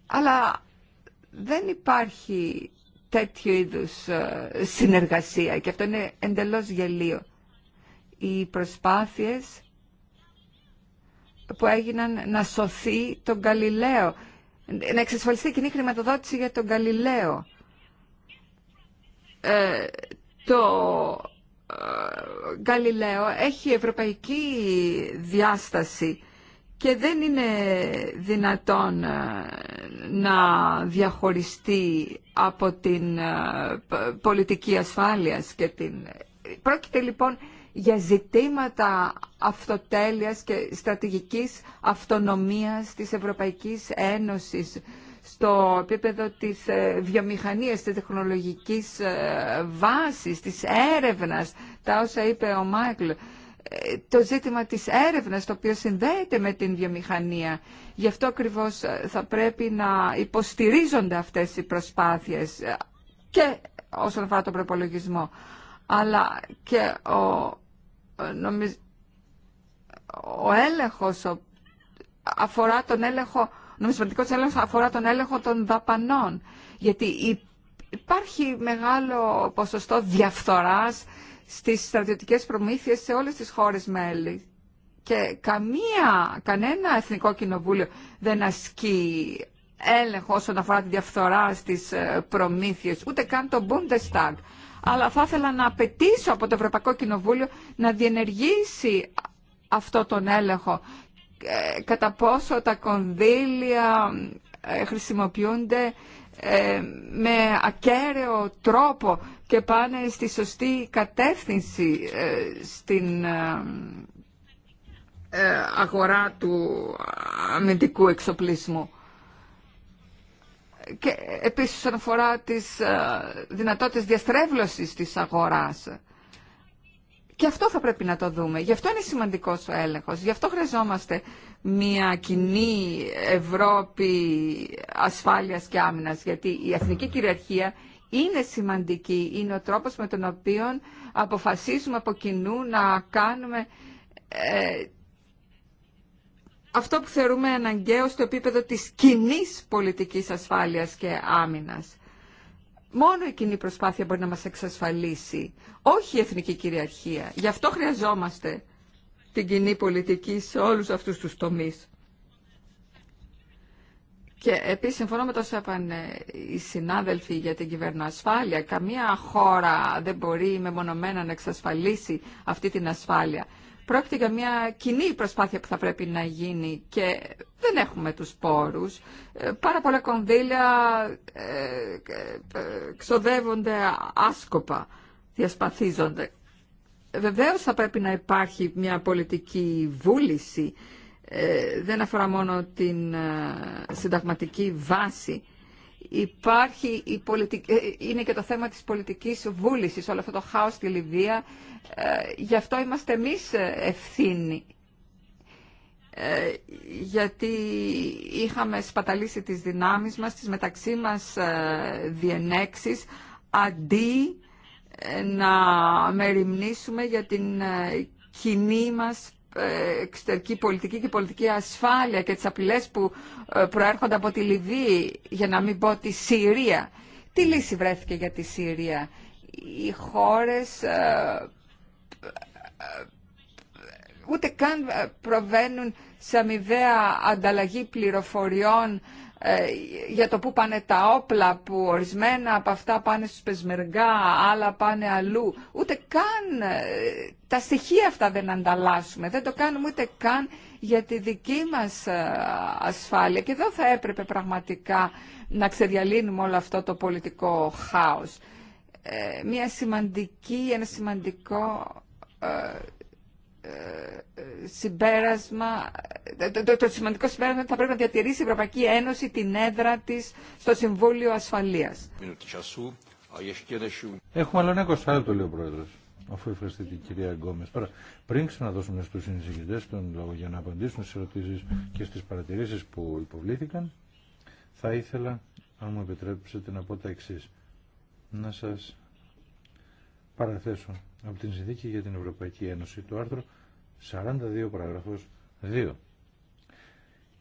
B: Αλλά δεν υπάρχει τέτοιου είδους συνεργασία και αυτό είναι εντελώς γελίο. Οι προσπάθειες που έγιναν να σωθεί τον Γαλιλαίο να εξασφαλιστεί κοινή χρηματοδότηση για τον Γαλιλαίο. Ε, το Γαλιλαίο ε, έχει ευρωπαϊκή διάσταση και δεν είναι δυνατόν ε, να διαχωριστεί από την ε, πολιτική ασφάλειας και την... Πρόκειται λοιπόν για ζητήματα αυτοτέλειας και στρατηγικής αυτονομίας της Ευρωπαϊκής Ένωσης στο επίπεδο της ε, βιομηχανίας, της τεχνολογικής ε, βάσης, της έρευνας, τα όσα είπε ο Μάικλ, ε, το ζήτημα της έρευνας το οποίο συνδέεται με την βιομηχανία. Γι' αυτό ακριβώς θα πρέπει να υποστηρίζονται αυτές οι προσπάθειες και όσον αφορά τον προπολογισμό αλλά και ο, νομίζ, έλεγχος αφορά τον έλεγχο, νομισματικός έλεγχος αφορά τον έλεγχο των δαπανών, γιατί υπάρχει μεγάλο ποσοστό διαφθοράς στις στρατιωτικές προμήθειες σε όλες τις χώρες μέλη. Και καμία, κανένα εθνικό κοινοβούλιο δεν ασκεί έλεγχο όσον αφορά τη διαφθορά στις ε, προμήθειες, ούτε καν το Bundestag αλλά θα ήθελα να απαιτήσω από το Ευρωπαϊκό Κοινοβούλιο να διενεργήσει αυτό τον έλεγχο ε, κατά πόσο τα κονδύλια ε, χρησιμοποιούνται ε, με ακέραιο τρόπο και πάνε στη σωστή κατεύθυνση στην αγορά του αμυντικού εξοπλισμού και επίσης όσον αφορά τις ε, δυνατότητες διαστρέβλωσης της αγοράς. Και αυτό θα πρέπει να το δούμε. Γι' αυτό είναι σημαντικός ο έλεγχος. Γι' αυτό χρειαζόμαστε μια κοινή Ευρώπη ασφάλειας και άμυνας. Γιατί η εθνική κυριαρχία είναι σημαντική. Είναι ο τρόπος με τον οποίο αποφασίζουμε από κοινού να κάνουμε ε, αυτό που θεωρούμε αναγκαίο στο επίπεδο της κοινή πολιτικής ασφάλειας και άμυνας. Μόνο η κοινή προσπάθεια μπορεί να μας εξασφαλίσει, όχι η εθνική κυριαρχία. Γι' αυτό χρειαζόμαστε την κοινή πολιτική σε όλους αυτούς τους τομείς. Και επίσης συμφωνώ με το είπαν ε, οι συνάδελφοι για την κυβερνοασφάλεια. Καμία χώρα δεν μπορεί μεμονωμένα να εξασφαλίσει αυτή την ασφάλεια. Πρόκειται για μια κοινή προσπάθεια που θα πρέπει να γίνει και δεν έχουμε τους πόρους. Ε, πάρα πολλά κονδύλια ε, ε, ξοδεύονται άσκοπα, διασπαθίζονται. Βεβαίως θα πρέπει να υπάρχει μια πολιτική βούληση. Δεν αφορά μόνο την συνταγματική βάση Υπάρχει η πολιτική, ε, είναι και το θέμα της πολιτικής βούλησης, όλο αυτό το χάος στη Λιβύα. Ε, γι' αυτό είμαστε εμείς ε, ευθύνη, γιατί είχαμε σπαταλήσει τις δυνάμεις μας, τις μεταξύ μας διενέξεις, αντί να μεριμνήσουμε για την κοινή μας εξωτερική πολιτική και πολιτική ασφάλεια και τις απειλές που ε, προέρχονται από τη Λιβύη, για να μην πω τη Συρία. Τι λύση βρέθηκε για τη Συρία. Οι χώρες ε, ε, ούτε καν προβαίνουν σε αμοιβαία ανταλλαγή πληροφοριών ε, για το πού πάνε τα όπλα που ορισμένα από αυτά πάνε στους πεσμεργά, άλλα πάνε αλλού. Ούτε καν ε, τα στοιχεία αυτά δεν ανταλλάσσουμε, δεν το κάνουμε ούτε καν για τη δική μας ε, ασφάλεια. Και εδώ θα έπρεπε πραγματικά να ξεδιαλύνουμε όλο αυτό το πολιτικό χάος. Μια σημαντική, ένα σημαντικό συμπέρασμα, το, το, σημαντικό συμπέρασμα ότι θα πρέπει να διατηρήσει η Ευρωπαϊκή Ένωση την έδρα της στο Συμβούλιο Ασφαλείας.
A: Έχουμε ένα 20 το λέει ο Πρόεδρος, αφού ευχαριστεί την κυρία Γκόμες. Τώρα, πριν ξαναδώσουμε στους συνεισηγητές τον λόγο για να απαντήσουν στις ερωτήσεις και στις παρατηρήσεις που υποβλήθηκαν, θα ήθελα, αν μου επιτρέψετε, να πω τα εξής. Να σας παραθέσω από την Συνθήκη για την Ευρωπαϊκή Ένωση, το άρθρο 42 παραγραφός 2.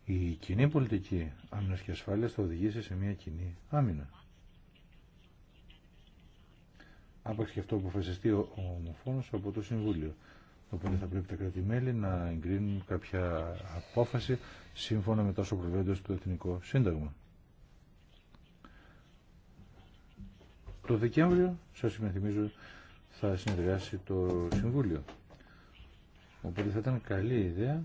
A: Η κοινή πολιτική άμυνας και ασφάλειας θα οδηγήσει σε μια κοινή άμυνα. Άπαξ και αυτό αποφασιστεί ο ομοφόνος από το Συμβούλιο. Οπότε θα πρέπει τα κράτη-μέλη να εγκρίνουν κάποια απόφαση σύμφωνα με τόσο προβέντος του Εθνικό Σύνταγμα. Το Δεκέμβριο, σας υπενθυμίζω, θα συνεργάσει το Συμβούλιο. Οπότε θα ήταν καλή ιδέα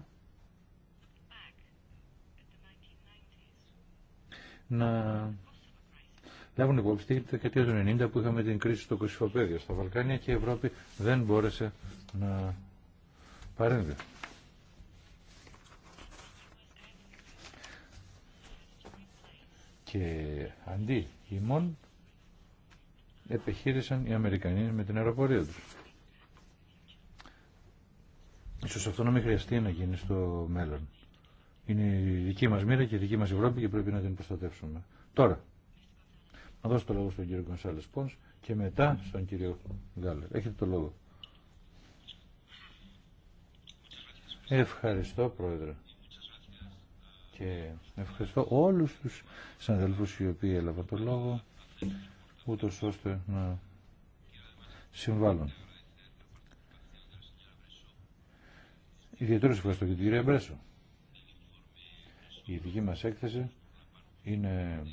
A: να λάβουν υπόψη τη δεκαετία του 90 που είχαμε την κρίση στο Κωσυφοπέδιο στα Βαλκάνια και η Ευρώπη δεν μπόρεσε να παρέμβει. Και αντί ημών επιχείρησαν οι Αμερικανοί με την αεροπορία τους. Ίσως αυτό να μην χρειαστεί να γίνει στο μέλλον. Είναι η δική μας μοίρα και η δική μας Ευρώπη και πρέπει να την προστατεύσουμε. Τώρα, να δώσω το λόγο στον κύριο Κονσάλες Πόνς και μετά στον κύριο Γκάλερ. Έχετε το λόγο. Ευχαριστώ Πρόεδρε και ευχαριστώ όλους τους συναδελφούς οι οποίοι έλαβαν το λόγο ούτως ώστε να συμβάλλουν. Η ευχαριστώ και την κυρία Μπρέσο. Η δική μας έκθεση είναι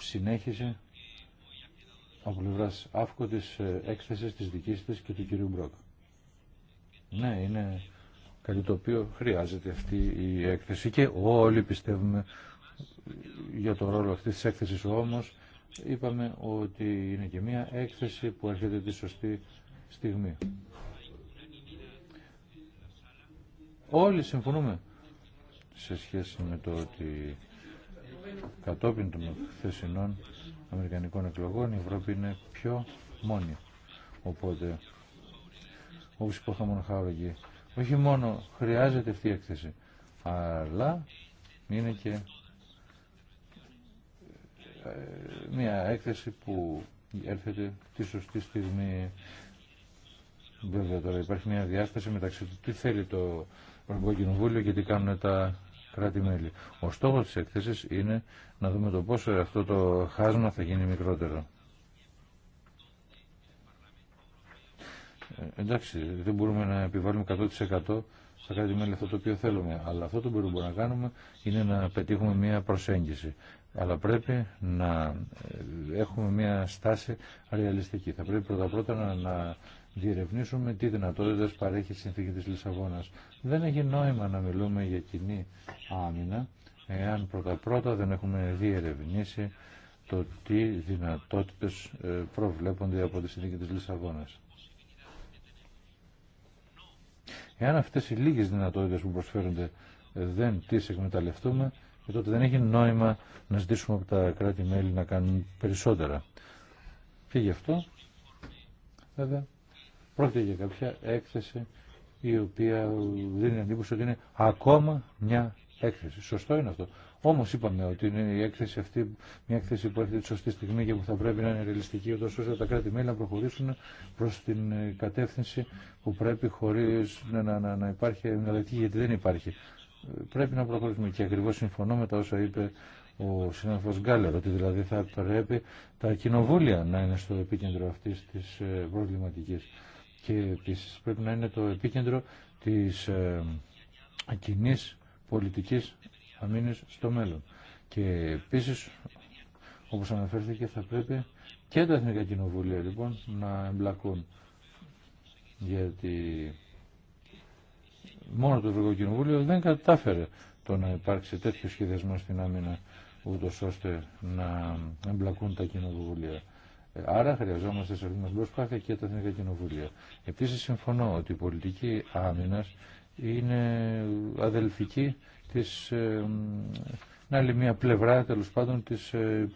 A: συνέχιση από πλευρά αύκο τη έκθεση τη δική τη και του κυρίου Μπρόκ. Ναι, είναι κάτι το οποίο χρειάζεται αυτή η έκθεση και όλοι πιστεύουμε για τον ρόλο αυτής της έκθεσης όμως είπαμε ότι είναι και μία έκθεση που έρχεται τη σωστή στιγμή. Όλοι συμφωνούμε σε σχέση με το ότι κατόπιν των χθεσινών αμερικανικών εκλογών η Ευρώπη είναι πιο μόνη. Οπότε, όπως είπα μονοχάρογη, όχι μόνο χρειάζεται αυτή η έκθεση, αλλά είναι και ε, μια έκθεση που έρχεται τη σωστή στιγμή. Βέβαια τώρα υπάρχει μια διάσταση μεταξύ του τι θέλει το Ευρωπαϊκό Κοινοβούλιο και τι κάνουν τα κράτη-μέλη. Ο στόχος της έκθεσης είναι να δούμε το πόσο αυτό το χάσμα θα γίνει μικρότερο. Ε, εντάξει, δεν μπορούμε να επιβάλλουμε 100% στα κράτη-μέλη αυτό το οποίο θέλουμε. Αλλά αυτό το που μπορούμε να κάνουμε είναι να πετύχουμε μια προσέγγιση αλλά πρέπει να έχουμε μια στάση ρεαλιστική. Θα πρέπει πρώτα πρώτα να, διερευνήσουμε τι δυνατότητες παρέχει η συνθήκη της Λισαβόνας. Δεν έχει νόημα να μιλούμε για κοινή άμυνα, εάν πρώτα πρώτα δεν έχουμε διερευνήσει το τι δυνατότητες ε, προβλέπονται από τη συνθήκη της Λισαβόνας. Εάν αυτές οι λίγες δυνατότητες που προσφέρονται δεν τις εκμεταλλευτούμε, και τότε δεν έχει νόημα να ζητήσουμε από τα κράτη-μέλη να κάνουν περισσότερα. Και γι' αυτό, βέβαια, πρόκειται για κάποια έκθεση η οποία δίνει εντύπωση ότι είναι ακόμα μια έκθεση. Σωστό είναι αυτό. Όμω είπαμε ότι είναι η έκθεση αυτή μια έκθεση που έρχεται τη σωστή στιγμή και που θα πρέπει να είναι ρεαλιστική, ούτω ώστε τα κράτη-μέλη να προχωρήσουν προ την κατεύθυνση που πρέπει χωρί να, να, να, υπάρχει εναλλακτική, γιατί δεν υπάρχει πρέπει να προχωρήσουμε και ακριβώς συμφωνώ με τα όσα είπε ο συνάδελφος Γκάλερ, ότι δηλαδή θα πρέπει τα κοινοβούλια να είναι στο επίκεντρο αυτής της ε, προβληματικής και επίσης πρέπει να είναι το επίκεντρο της ε, κοινή πολιτικής αμήνης στο μέλλον. Και επίσης, όπως αναφέρθηκε, θα πρέπει και τα εθνικά κοινοβούλια λοιπόν να εμπλακούν γιατί μόνο το Ευρωπαϊκό Κοινοβούλιο δεν κατάφερε το να υπάρξει τέτοιο σχεδιασμό στην άμυνα ούτω ώστε να εμπλακούν τα κοινοβούλια. Ε, άρα χρειαζόμαστε σε αυτήν την προσπάθεια και τα εθνικά κοινοβούλια. Επίση συμφωνώ ότι η πολιτική άμυνα είναι αδελφική τη. Ε, άλλη μια πλευρά τέλο πάντων της, ε,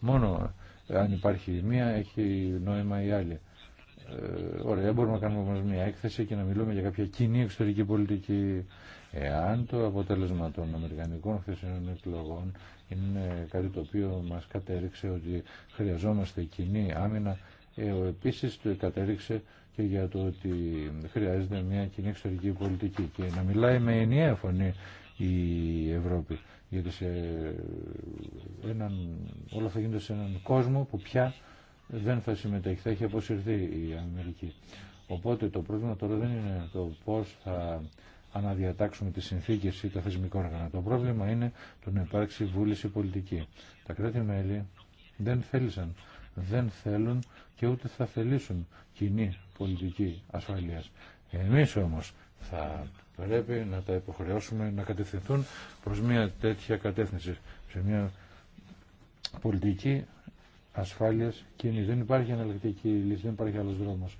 A: Μόνο αν υπάρχει η μία έχει νόημα η άλλη. Ε, ωραία, μπορούμε να κάνουμε όμως μια έκθεση και να μιλούμε για κάποια κοινή εξωτερική πολιτική. Εάν το αποτέλεσμα των Αμερικανικών χθεσινών εκλογών είναι κάτι το οποίο μας κατέριξε ότι χρειαζόμαστε κοινή άμυνα, ε, επίσης το κατέριξε και για το ότι χρειάζεται μια κοινή εξωτερική πολιτική και να μιλάει με ενιαία φωνή η Ευρώπη. Γιατί σε έναν, όλα αυτά γίνονται σε έναν κόσμο που πια δεν θα συμμετέχει, θα έχει αποσυρθεί η Αμερική. Οπότε το πρόβλημα τώρα δεν είναι το πώς θα αναδιατάξουμε τις συνθήκες ή τα θεσμικά όργανα. Το πρόβλημα είναι το να υπάρξει βούληση πολιτική. Τα κράτη-μέλη δεν θέλησαν, δεν θέλουν και ούτε θα θελήσουν κοινή πολιτική ασφαλείας. Εμείς όμως θα πρέπει να τα υποχρεώσουμε να κατευθυνθούν προς μια τέτοια κατεύθυνση, σε μια πολιτική Ασφάλεια κοινή. Δεν υπάρχει αναλεκτική λύση, δεν υπάρχει άλλο δρόμο.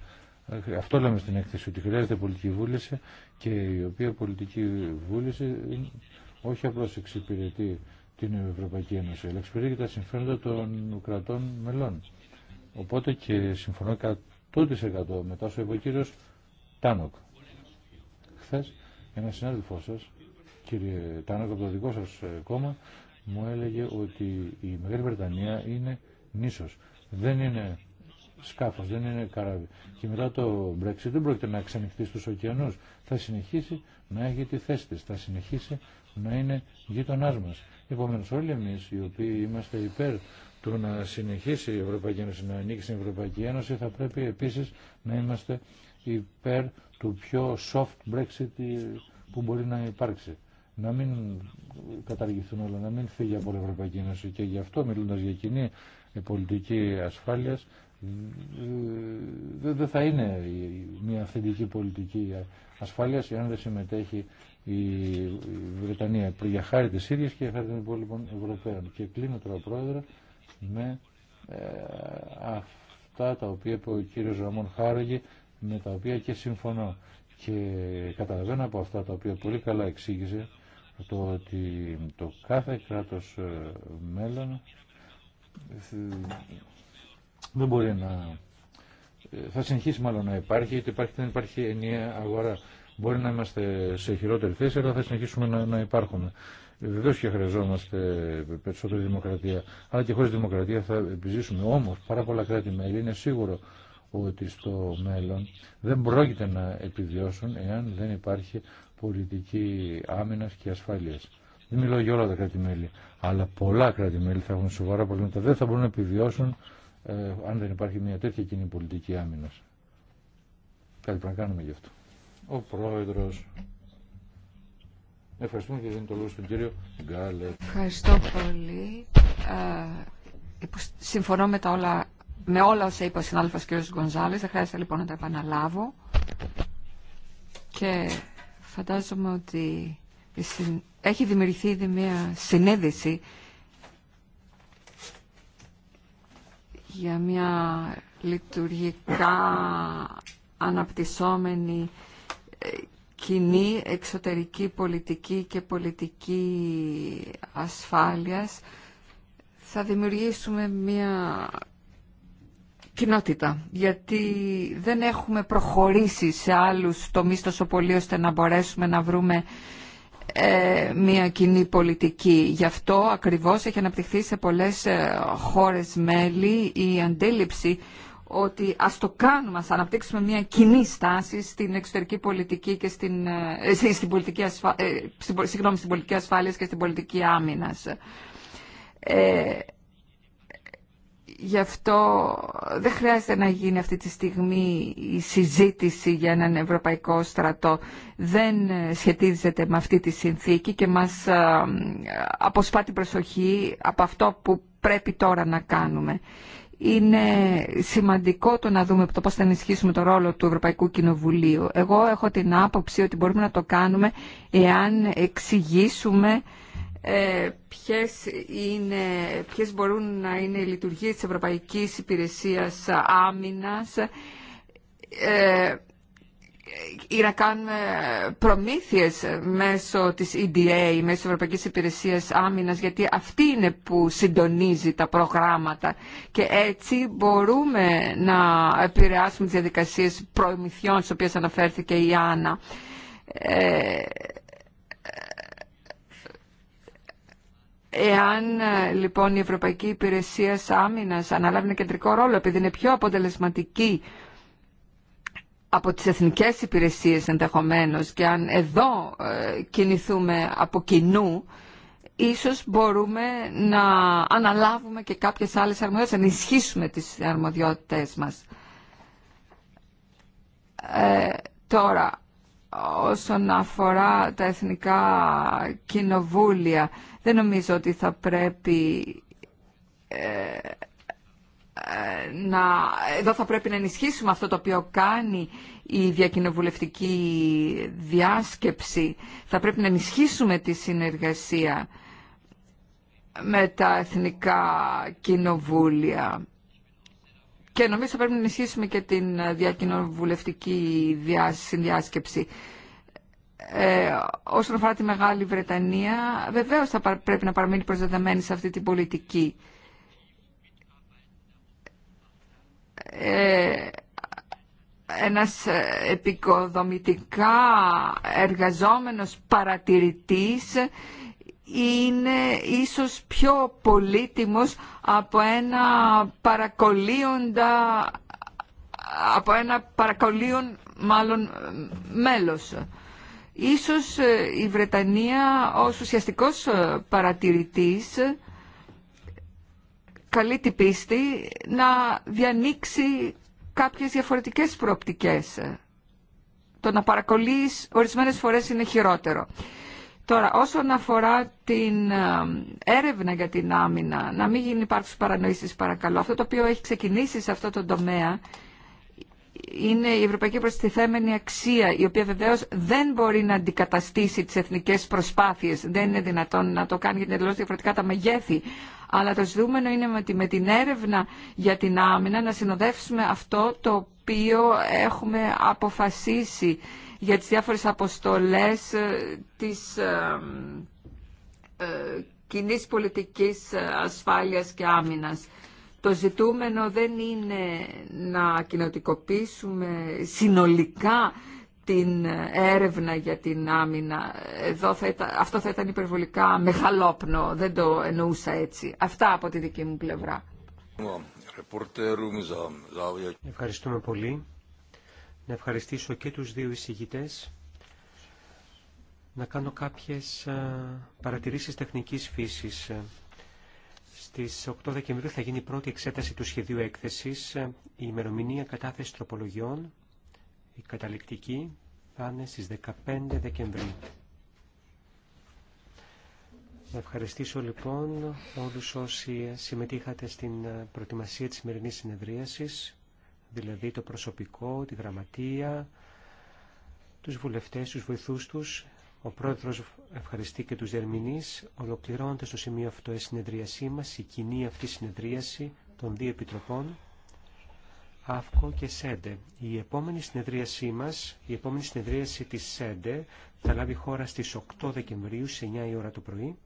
A: Ε, αυτό λέμε στην έκθεση, ότι χρειάζεται πολιτική βούληση και η οποία πολιτική βούληση όχι απλώ εξυπηρετεί την Ευρωπαϊκή Ένωση, αλλά εξυπηρετεί και τα συμφέροντα των κρατών μελών. Οπότε και συμφωνώ 100% μετά στο είπε κύριο Τάνοκ. Χθε ένα συνάδελφό σα, κύριε Τάνοκ από το δικό σα κόμμα, μου έλεγε ότι η Μεγάλη Βρετανία είναι νήσος. Δεν είναι σκάφος, δεν είναι καράβι. Και μετά το Brexit δεν πρόκειται να ξανοιχτεί στους ωκεανούς. Θα συνεχίσει να έχει τη θέση της, θα συνεχίσει να είναι γείτονά μα. Επομένω, όλοι εμεί οι οποίοι είμαστε υπέρ του να συνεχίσει η Ευρωπαϊκή Ένωση να ανοίξει στην Ευρωπαϊκή Ένωση, θα πρέπει επίση να είμαστε υπέρ του πιο soft Brexit που μπορεί να υπάρξει. Να μην καταργηθούν όλα, να μην φύγει από την Ευρωπαϊκή Ένωση. Και γι' αυτό, μιλώντα για κοινή η πολιτική ασφάλειας ε, δεν θα είναι μια αυθεντική πολιτική ασφάλειας εάν δεν συμμετέχει η Βρετανία για χάρη της ίδιας και για χάρη των υπόλοιπων Ευρωπαίων. Και κλείνω τώρα πρόεδρε με ε, αυτά τα οποία είπε ο κύριος Ραμόν Χάραγη, με τα οποία και συμφωνώ. Και καταλαβαίνω από αυτά τα οποία πολύ καλά εξήγησε το ότι το κάθε κράτος ε, μέλλον δεν μπορεί να... Ε, θα συνεχίσει μάλλον να υπάρχει, γιατί υπάρχει, δεν υπάρχει ενιαία αγορά. Μπορεί να είμαστε σε χειρότερη θέση, αλλά θα συνεχίσουμε να, να υπάρχουμε. Βεβαίω και χρειαζόμαστε περισσότερη δημοκρατία. Αλλά και χωρί δημοκρατία θα επιζήσουμε. Όμω, πάρα πολλά κράτη-μέλη είναι σίγουρο ότι στο μέλλον δεν πρόκειται να επιβιώσουν εάν δεν υπάρχει πολιτική άμυνα και ασφάλεια. Δεν μιλώ για όλα τα κράτη-μέλη, αλλά πολλά κράτη-μέλη θα έχουν σοβαρά προβλήματα. Δεν θα μπορούν να επιβιώσουν ε, αν δεν υπάρχει μια τέτοια κοινή πολιτική άμυνα. Κάτι πρέπει να κάνουμε γι' αυτό. Ο πρόεδρο. Ευχαριστούμε και δίνω το λόγο στον κύριο Γκάλε.
B: Ευχαριστώ πολύ. Ε, συμφωνώ με, τα όλα, με όλα όσα είπε ο συνάδελφο κ. Γκονζάλη. Δεν χρειάζεται λοιπόν να τα επαναλάβω. Και φαντάζομαι ότι η έχει δημιουργηθεί ήδη μια συνέδεση για μια λειτουργικά αναπτυσσόμενη ε, κοινή εξωτερική πολιτική και πολιτική ασφάλειας θα δημιουργήσουμε μια κοινότητα γιατί δεν έχουμε προχωρήσει σε άλλους τομείς τόσο πολύ ώστε να μπορέσουμε να βρούμε ε, μια κοινή πολιτική. Γι' αυτό ακριβώς έχει αναπτυχθεί σε πολλές ε, χώρες μέλη η αντίληψη ότι ας το κάνουμε, ας αναπτύξουμε μια κοινή στάση στην εξωτερική πολιτική και στην, ε, στην, πολιτική, ασφα... στην πολιτική ασφάλειας και στην πολιτική άμυνας. Γι' αυτό δεν χρειάζεται να γίνει αυτή τη στιγμή η συζήτηση για έναν ευρωπαϊκό στρατό. Δεν ε, σχετίζεται με αυτή τη συνθήκη και μας ε, αποσπά την προσοχή από αυτό που πρέπει τώρα να κάνουμε. Είναι σημαντικό το να δούμε το πώς θα ενισχύσουμε το ρόλο του Ευρωπαϊκού Κοινοβουλίου. Εγώ έχω την άποψη ότι μπορούμε να το κάνουμε εάν εξηγήσουμε ε, ποιες, είναι, ποιες μπορούν να είναι οι λειτουργίες της Ευρωπαϊκής Υπηρεσίας Άμυνας ε, ή να κάνουμε προμήθειες μέσω της EDA, μέσω της Ευρωπαϊκής Υπηρεσίας Άμυνας, γιατί αυτή είναι που συντονίζει τα προγράμματα και έτσι μπορούμε να επηρεάσουμε τις διαδικασίες προμηθειών στις οποίες αναφέρθηκε η Άννα. Ε, Εάν ε, λοιπόν η Ευρωπαϊκή Υπηρεσία Άμυνα αναλάβει ένα κεντρικό ρόλο επειδή είναι πιο αποτελεσματική από τις εθνικές υπηρεσίες ενδεχομένως και αν εδώ ε, κινηθούμε από κοινού ίσως μπορούμε να αναλάβουμε και κάποιες άλλες αρμοδιότητες, να ενισχύσουμε τις αρμοδιότητες μας. Ε, τώρα, όσον αφορά τα εθνικά κοινοβούλια. Δεν νομίζω ότι θα πρέπει ε, ε, να, εδώ θα πρέπει να ενισχύσουμε αυτό το οποίο κάνει η διακοινοβουλευτική διάσκεψη. Θα πρέπει να ενισχύσουμε τη συνεργασία με τα εθνικά κοινοβούλια. Και νομίζω πρέπει να ενισχύσουμε και την ε, διακοινοβουλευτική συνδιάσκεψη. Ε, όσον αφορά τη Μεγάλη Βρετανία, βεβαίως θα πρέπει να παραμείνει προσδεδεμένη σε αυτή την πολιτική. Ε, ένας ε, επικοδομητικά εργαζόμενος παρατηρητής είναι ίσως πιο πολύτιμος από ένα παρακολύοντα από ένα παρακολύον μάλλον μέλος. Ίσως ε, η Βρετανία ως ουσιαστικός ε, παρατηρητής καλή την πίστη να διανοίξει κάποιες διαφορετικές προοπτικές. Το να παρακολείς ορισμένες φορές είναι χειρότερο. Τώρα, όσον αφορά την ε, έρευνα για την άμυνα, να μην γίνει υπάρξουν παρανοήσεις παρακαλώ, αυτό το οποίο έχει ξεκινήσει σε αυτό το τομέα είναι η ευρωπαϊκή προστιθέμενη αξία, η οποία βεβαίως δεν μπορεί να αντικαταστήσει τις εθνικές προσπάθειες. Δεν είναι δυνατόν να το κάνει γιατί είναι διαφορετικά τα μεγέθη. Αλλά το ζητούμενο είναι με την έρευνα για την άμυνα να συνοδεύσουμε αυτό το οποίο έχουμε αποφασίσει για τις διάφορες αποστολές ε, της ε, κοινής πολιτικής ε, ασφάλειας και άμυνας. Το ζητούμενο δεν είναι να κοινοτικοποιήσουμε συνολικά την έρευνα για την άμυνα. Εδώ αυτό θα ήταν υπερβολικά μεγαλόπνο, δεν το εννοούσα έτσι. Αυτά από τη δική μου πλευρά.
C: Ευχαριστούμε πολύ. Να ευχαριστήσω και τους δύο εισηγητές. Να κάνω κάποιες ε, παρατηρήσεις τεχνικής φύσης. Στις 8 Δεκεμβρίου θα γίνει η πρώτη εξέταση του σχεδίου έκθεσης. Ε, η ημερομηνία κατάθεση τροπολογιών, η καταληκτική, θα είναι στις 15 Δεκεμβρίου. Να ευχαριστήσω λοιπόν όλους όσοι συμμετείχατε στην ε, προετοιμασία της σημερινής συνεδρίασης, δηλαδή το προσωπικό, τη γραμματεία, τους βουλευτές, τους βοηθούς τους, ο πρόεδρος ευχαριστεί και τους διερμηνείς, ολοκληρώνοντας στο σημείο αυτό η συνεδρίασή μας, η κοινή αυτή συνεδρίαση των δύο επιτροπών, ΑΦΚΟ και ΣΕΝΤΕ. Η επόμενη συνεδρίασή μας, η επόμενη συνεδρίαση της ΣΕΝΤΕ, θα λάβει χώρα στις 8 Δεκεμβρίου, σε 9 η ώρα το πρωί.